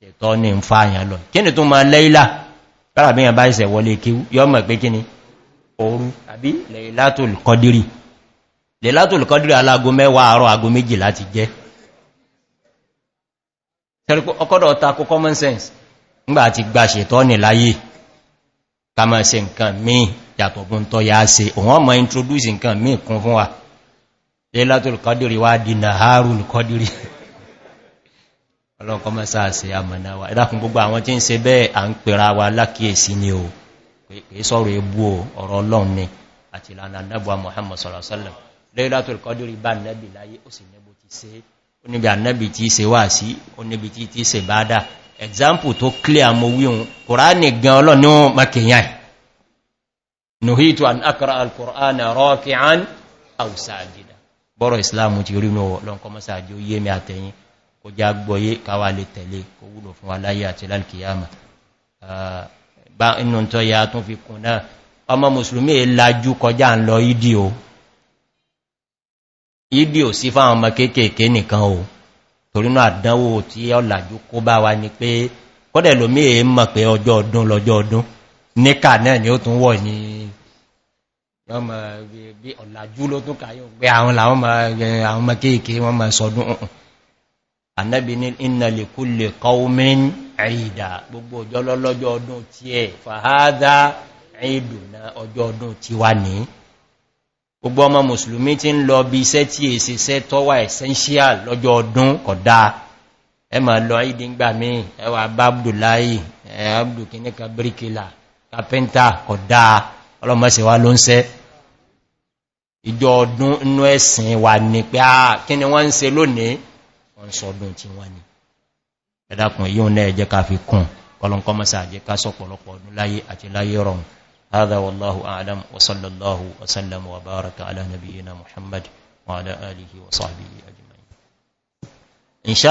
ṣètọ́ ní ń fa àyàn lọ kí ni tó ma lẹ́ìlá kára bẹ́yàn bá ìsẹ̀ wọlé kí yọ mọ̀ pé kí ni oru àbí lẹ́ìlátòlùkọ́dírì alágo mẹ́wàá àárọ̀ ago méjì láti jẹ́ common sense ngbà àti gba ṣètọ́ ní láyé ṣe nǹkan míì yàtọ̀ fún tọ́ ya se òun ọmọ introduce nǹkan míì kún fún wa lẹ́látòlù kọdìrí wá di nàárùn kọdìrí ọlọ́nkọ́ mẹ́sà sí wa ìdákùn gbogbo àwọn tí ń se bẹ́ẹ̀ à ń pèrà wa lákíyèsí ni o pé sọ́rọ̀ ebú o ọ̀rọ̀ ọlọ́run ni àti ìlànà anábọ̀ muhammad sọ̀rọ̀sọ́lẹ̀ lẹ́látòlù kọdìrí bá nẹ́bì láyé ó sì nẹ́bù se ó níbi se wà sí ó níbi example tó clear mo wíhun kùránì gan ọlọ́ni nuhitu an akra al-qur'ana raki'an aw sajida boro islam ti ri no lon ko masajo ye mi ateyin ko ja gboye ka wa le tele ko wulo fun wa laye ati lan qiyama ba inú to ya tun fi kuna ọmọ muslimi e laju kọjá nlo idi o idi o si fa ọmọ kekeke nìkan o torí na àdánwò tí ó laju kó bá wa ní pé kode lomi e mọ̀ pé ọjọ́ ọdún lọ́jọ́ ọdún níkà náà ni ó tún wọ̀ ní ọmọ bí ọ̀làjú ló tún kàáyọ pé àwọn làwọn ọmọ kéèké wọ́n ma sọdún ọ̀hún annabi ní iná lè kú lè kọ́wọ́mín àìdà gbogbo ọjọ́ lọ́lọ́jọ́ ọdún tí ẹ fàhádá àìdù na ọjọ́ ọdún tí wá ní gbogbo ọmọ musulmi ti ń lọ bí iṣẹ́ tí èsì iṣẹ́ tọ́wà essential lọ́jọ́ ọdún kọ̀dá ẹ ma lọ ìdíngbà ẹwà bá abdullahi abdulkinika brikila kàpẹ́ntà kọ̀dá ọlọ́mọ́sẹ̀wà ló ń sẹ́ ìjọ ọdún inú ẹ̀sìn wà ní pé a kí ni wọ́n ń se lónìí wọ́n sọdún tí wọ́n ni ẹ̀dàkùn yíò náà jẹ́ ká fi kún kọlọ̀nkọ́mọ́sà jẹ́ ká sọpọ̀lọpọ̀ ọdún láyé àti láyé rọrùn هذا والله أعلم وصلى الله وسلم وبارك على نبينا محمد وعلى آله وصحبه أجمعين